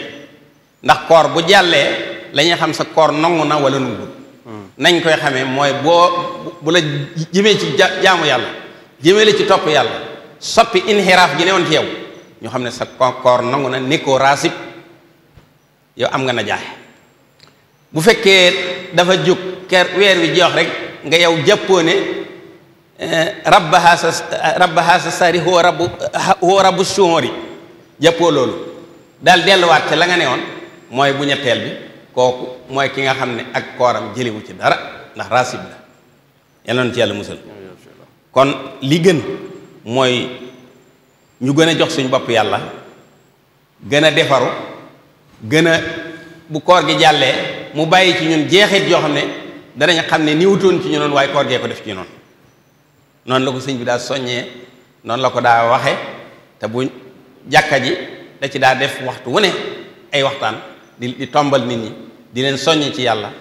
ndax koor bu jàllee lañuy xam sa koor nangu na wala nungul nañ koy xamee mooy boo bu la jëmee ci jaamu yàlla jëmee la ci topp yàlla soppi inxiraaf gi newoon ci yow ñu xam ne sa koor nangu na nekkoo raasib yow am nga na jaaxe bu fekkee dafa jóg ker weer wi jox rek nga yow jàppoo ne eh, rabba haasa rabba haasa sari huwa rabbu huwa rabbu jàppoo loolu daal delluwaat ci la nga ne woon mooy bu ñetteel bi kooku mooy ki nga xam ne ak kooram jëliwu ci dara ndax rasib la yal na ci yàlla musal kon li gën mooy ñu gën a jox suñ bopp yàlla gën a defaru gën a bu koor gi jàllee mu bàyyi ci ñun jeexit joo xam ne danañ xam ne nii wutoon ci ñu noon waaye koor ko def ci ñunoon noonu la ko sëñ bi daa soññee noonu la ko daa waxe te bu jàkka ji da ci daa def waxtu wu ne ay waxtaan di tombal nit ñi di leen soññ ci yàlla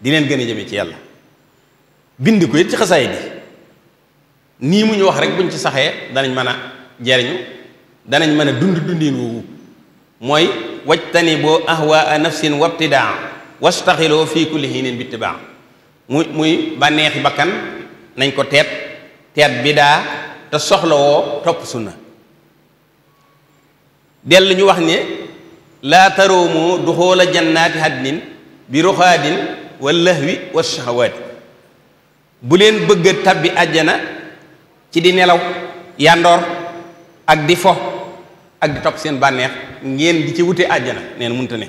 di leen gën a jëme ci yàlla bind ko it ci xasaay bi nii mu ñu wax rek buñ ci saxee danañ mën a jariñu danañ mën a dund dundin woowu mooy wajtani boo ahwaa nafsin wabtidaa wastaxiloo fii kulli hiinin bi ittibaa muy muy bànneexi bakkan nañ ko teet teet bidaa te soxlawoo topp na dellu ñu wax ne laa taroomoo duxoola jannaati haddin bi ruxaadin wa lahwi wa bu leen bëgg a tabbi àjjana ci di nelaw yàndoor ak di fo ak di topp seen bànneex ngeen di ci wute àjjana neen munta ne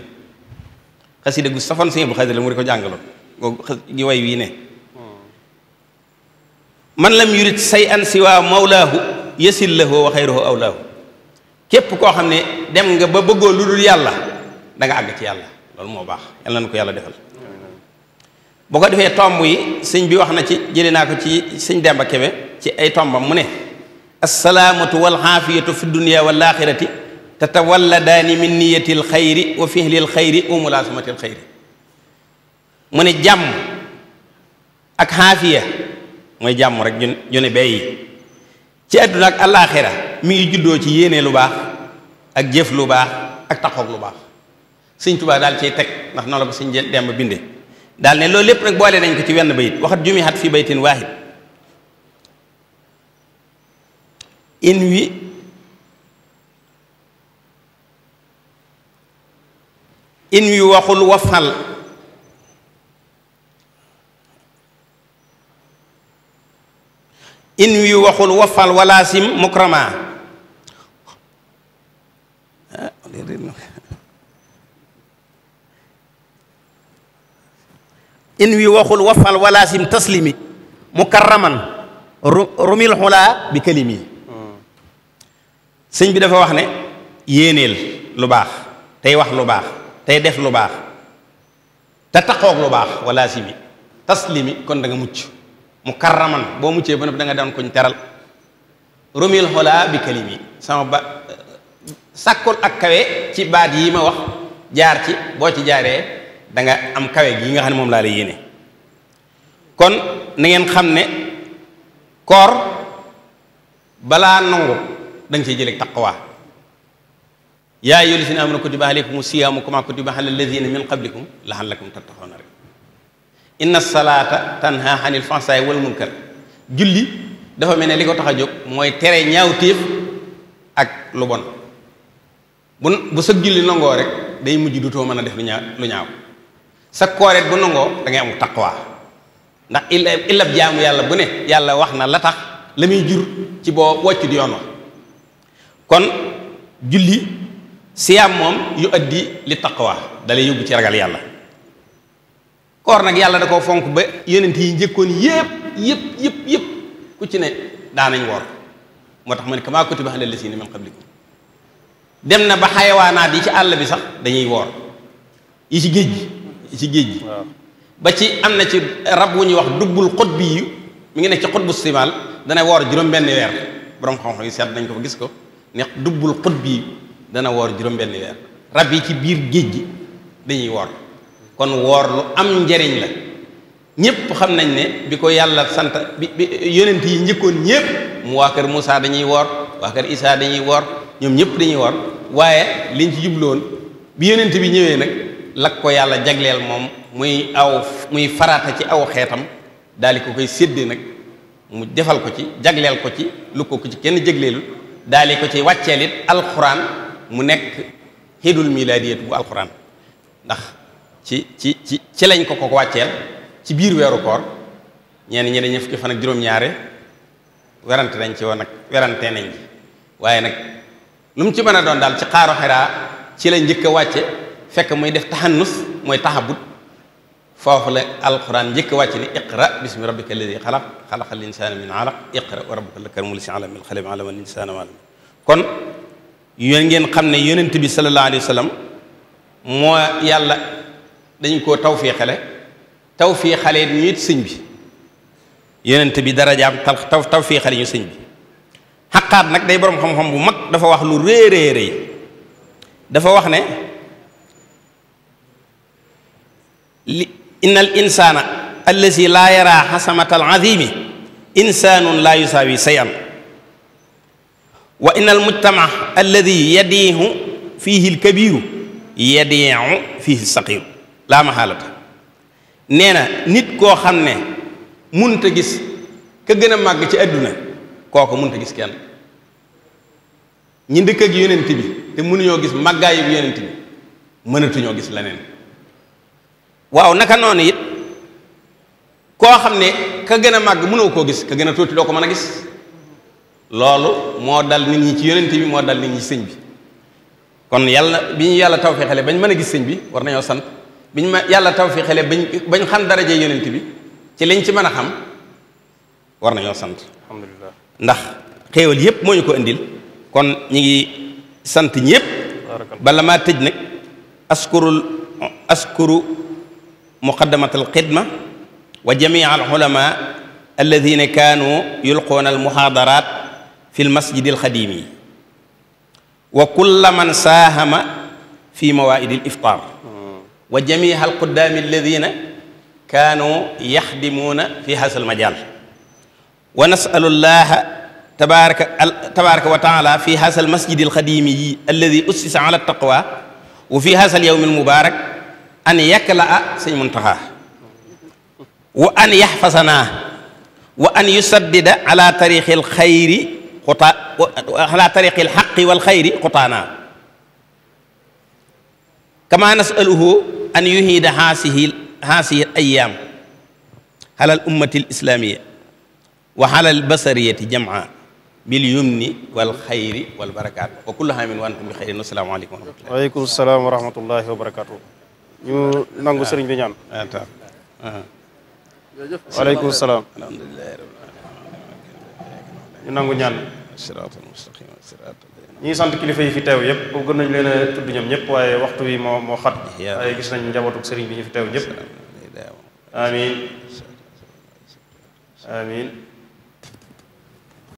xasida gu safoon sëñ bu xasida la mu di ko jàngaloon gi way wii ne man lam yurit say an siwa mawlaahu yasil lahu wa xayruhu awlaahu képp koo xam ne dem nga ba bëggoo lu dul yàlla danga àgg ci yàlla loolu moo baax yàlla nañ ko yàlla defal boo ko defee tomb yi sëñ bi wax na ci jëlee naa ko ci sëñ Demba Kebe ci ay tombam mu ne assalaamatu wal xaafiyatu fi dunia wal axirati tatawalladaani min niyati alxayri wa fihli alxayri wa mulaasamati alxayri mu ne jàmm ak xaafiya mooy jàmm rek ju ne bey ci àdduna ak alaaxira mi ngi juddoo ci yéene lu baax ak jëf lu baax ak taxoog lu baax sëñ Tuubaa daal cay teg ndax noonu la ko sëñ Demba binde daal ne loolu lépp nag boole dañ ko ci wenn bayit waxat jumihat fi baytin waahid in wi in wi waxul wafal in wi waxul wafal wala in wi waxul wafal wala sim taslimi mukarraman rumil xulaa bi kalimi sëñ bi dafa wax ne yéeneel lu baax tey wax lu baax tey def lu baax te taxoog lu baax wala si bi taslimi kon da mucc mu karraman boo muccee ba noppi da nga doon kuñ teral rumil xola bi kalimi sama ba sàkkul ak kawe ci baat yi ma wax jaar ci boo ci jaaree danga am kawe gi nga xam ne moom laa lay yéene kon na xam ne koor balaa nangu da nga ciy jëlee taqwa yaa ayyuha llazina amanu kutiba alaykumu siyaamu kama kutiba ala allazina min qablikum la'allakum tattaquna rek inna salaata tanha anil wal munkar julli dafa mel ne li ko tax a jóg mooy tere ñaawteef ak lu bon julli nangoo rek day mujj dutoo mën a def lu ñaaw lu ñaaw sa kooreet bu nangoo da am taqwa ndax illa illab jaamu yàlla bu yàlla wax na la tax la muy jur ci boo wàccu di yoon wa kon julli siyaam moom yu addi li taqwa dalay yóbbu ci ragal yàlla koor nag yàlla da koo fonk ba yonent yi njëkkoon yépp yépp yépp yépp ku ci ne daanañ woor moo tax ma ne kamaa kutiba alal lazina min qablikum dem na ba xayewaanaat yi ci àll bi sax dañuy woor yi ci géej gi yi ci géej gi ba ci am na ci rab wu ñuy wax dubbul xutbi yu mu ngi nekk ci bu simaal dana woor juróom benn weer borom xam-xam yi seet nañ ko gis ko ne dubbul xutbi yu dana woor juróom-benn weer rab yi ci biir géej gi dañuy woor kon woor lu am njariñ la ñëpp xam nañ ne bi ko yàlla sant bi bi yonent yi njëkkoon ñëpp mu waa kër Moussa dañuy woor waa kër Isaa dañuy woor ñoom ñëpp dañuy woor waaye liñ ci jubloon bi yonent bi ñëwee nag lak ko yàlla jagleel moom muy aw muy farata ci aw xeetam daal di ko koy séddee nag mu defal ko ci jagleel ko ci lu ko ko ci kenn jagleelul daal di ko ci wàcceel it alxuraan mu nekk xidul milaadiyat bu alxuraan ndax ci ci ci ci lañ ko ko wàcceel ci biir weeru koor ñeen ñi dañu fukki fan ak juróom-ñaare werante nañ ci woon nag werante nañ ci waaye nag lu mu ci mën a doon daal ci xaaru xiraa ci la njëkk a fekk muy def taxannus mooy taxabut foofu la alquran njëkk a wàcce ni iqra bismi rabbika alladi xalaq xalaqa al insana min alaq iqra wa rabbuka alladi kon yéen ngeen xam ne yonent bi sallallahu alayhi wa sallam moo yàlla dañ koo tawfiixale tawfiixale ñu it sëñ bi yonent bi darajaam taw tawfiixale ñu sëñ bi xaqaat nag day boroom xam-xam bu mag dafa wax lu rëy rëy dafa wax ne li inna al insana allazi laa yara xasamatal azimi insanun laa yusaawi sayan wa inna al mujtama alladi yadiihu fiihi l kabiiru yadiihu fiihi saqiiru laa maxaalata nee na nit koo xam ne munta gis ka gën a màgg ci àdduna kooku ta gis kenn ñi ndëkk gi yonent bi te mënuñoo gis màggaay ak yonent bi mënatuñoo gis leneen waaw naka noonu it koo xam ne ka gën a màgg mënoo koo gis ka gën a tuuti loo ko mën a gis loolu moo dal nit ñi ci yonent bi moo dal nit ñi sëñ bi kon yàlla bi ñu yàlla taw fi bañ mën a gis sëñ bi war nañoo sant bi ñu ma yàlla taw fi xele bañ bañ xam daraje yonent bi ci liñ ci mën a xam war nañoo sant alhamdulillah ndax xéewal yépp moo ñu ko indil kon ñi ngi sant ñépp bala maa tëj nag askurul askuru muqaddamatal xidma wa jamia al ulama alladina kaanu yulquuna al muhaadaraat fi lmasjidi alxadimi wa kulla man saahama fi mawaidi aliftar wa jamiha alquddaami alladina kaanu yaxdimuuna fi hasa almajal wa nasalu llaha tabaraka tabaraka wa taala fi hasa almasjidi alxadimi alladi ussisa ala altaqwa wa fi hasa alyawmi almubarak an yakla'a sëñ Muntaxa wa an yaxfasanaa wa an yusaddida ala tariqi alxayri xutaa ala tariqi alxaqi walxayri xutaanaa kama nasaluhu an yuhiida haasihi haasihi ayaam ala al ummati al islaamia wa ala al basariyati jamaa bil yumni wal xayri wal barakaat wa kullu aamin wa antum bi xayrin assalaamu aleykum wa rahmatullahi waaleykum salaam wa rahmatullahi wa barakaatu ñu nangu sëriñ bi ñaan waaleykum salaam alhamdulilah ñu nangu ñaan siraatal mustaqim siraatal ñi ngi sant kilifa yi fi teew yëpp bu gën nañ leen a tudd ñoom ñëpp waaye waxtu wi moo moo xat waaye gis nañ njabootuk sëriñ bi ñu fi teew ñëpp amin amin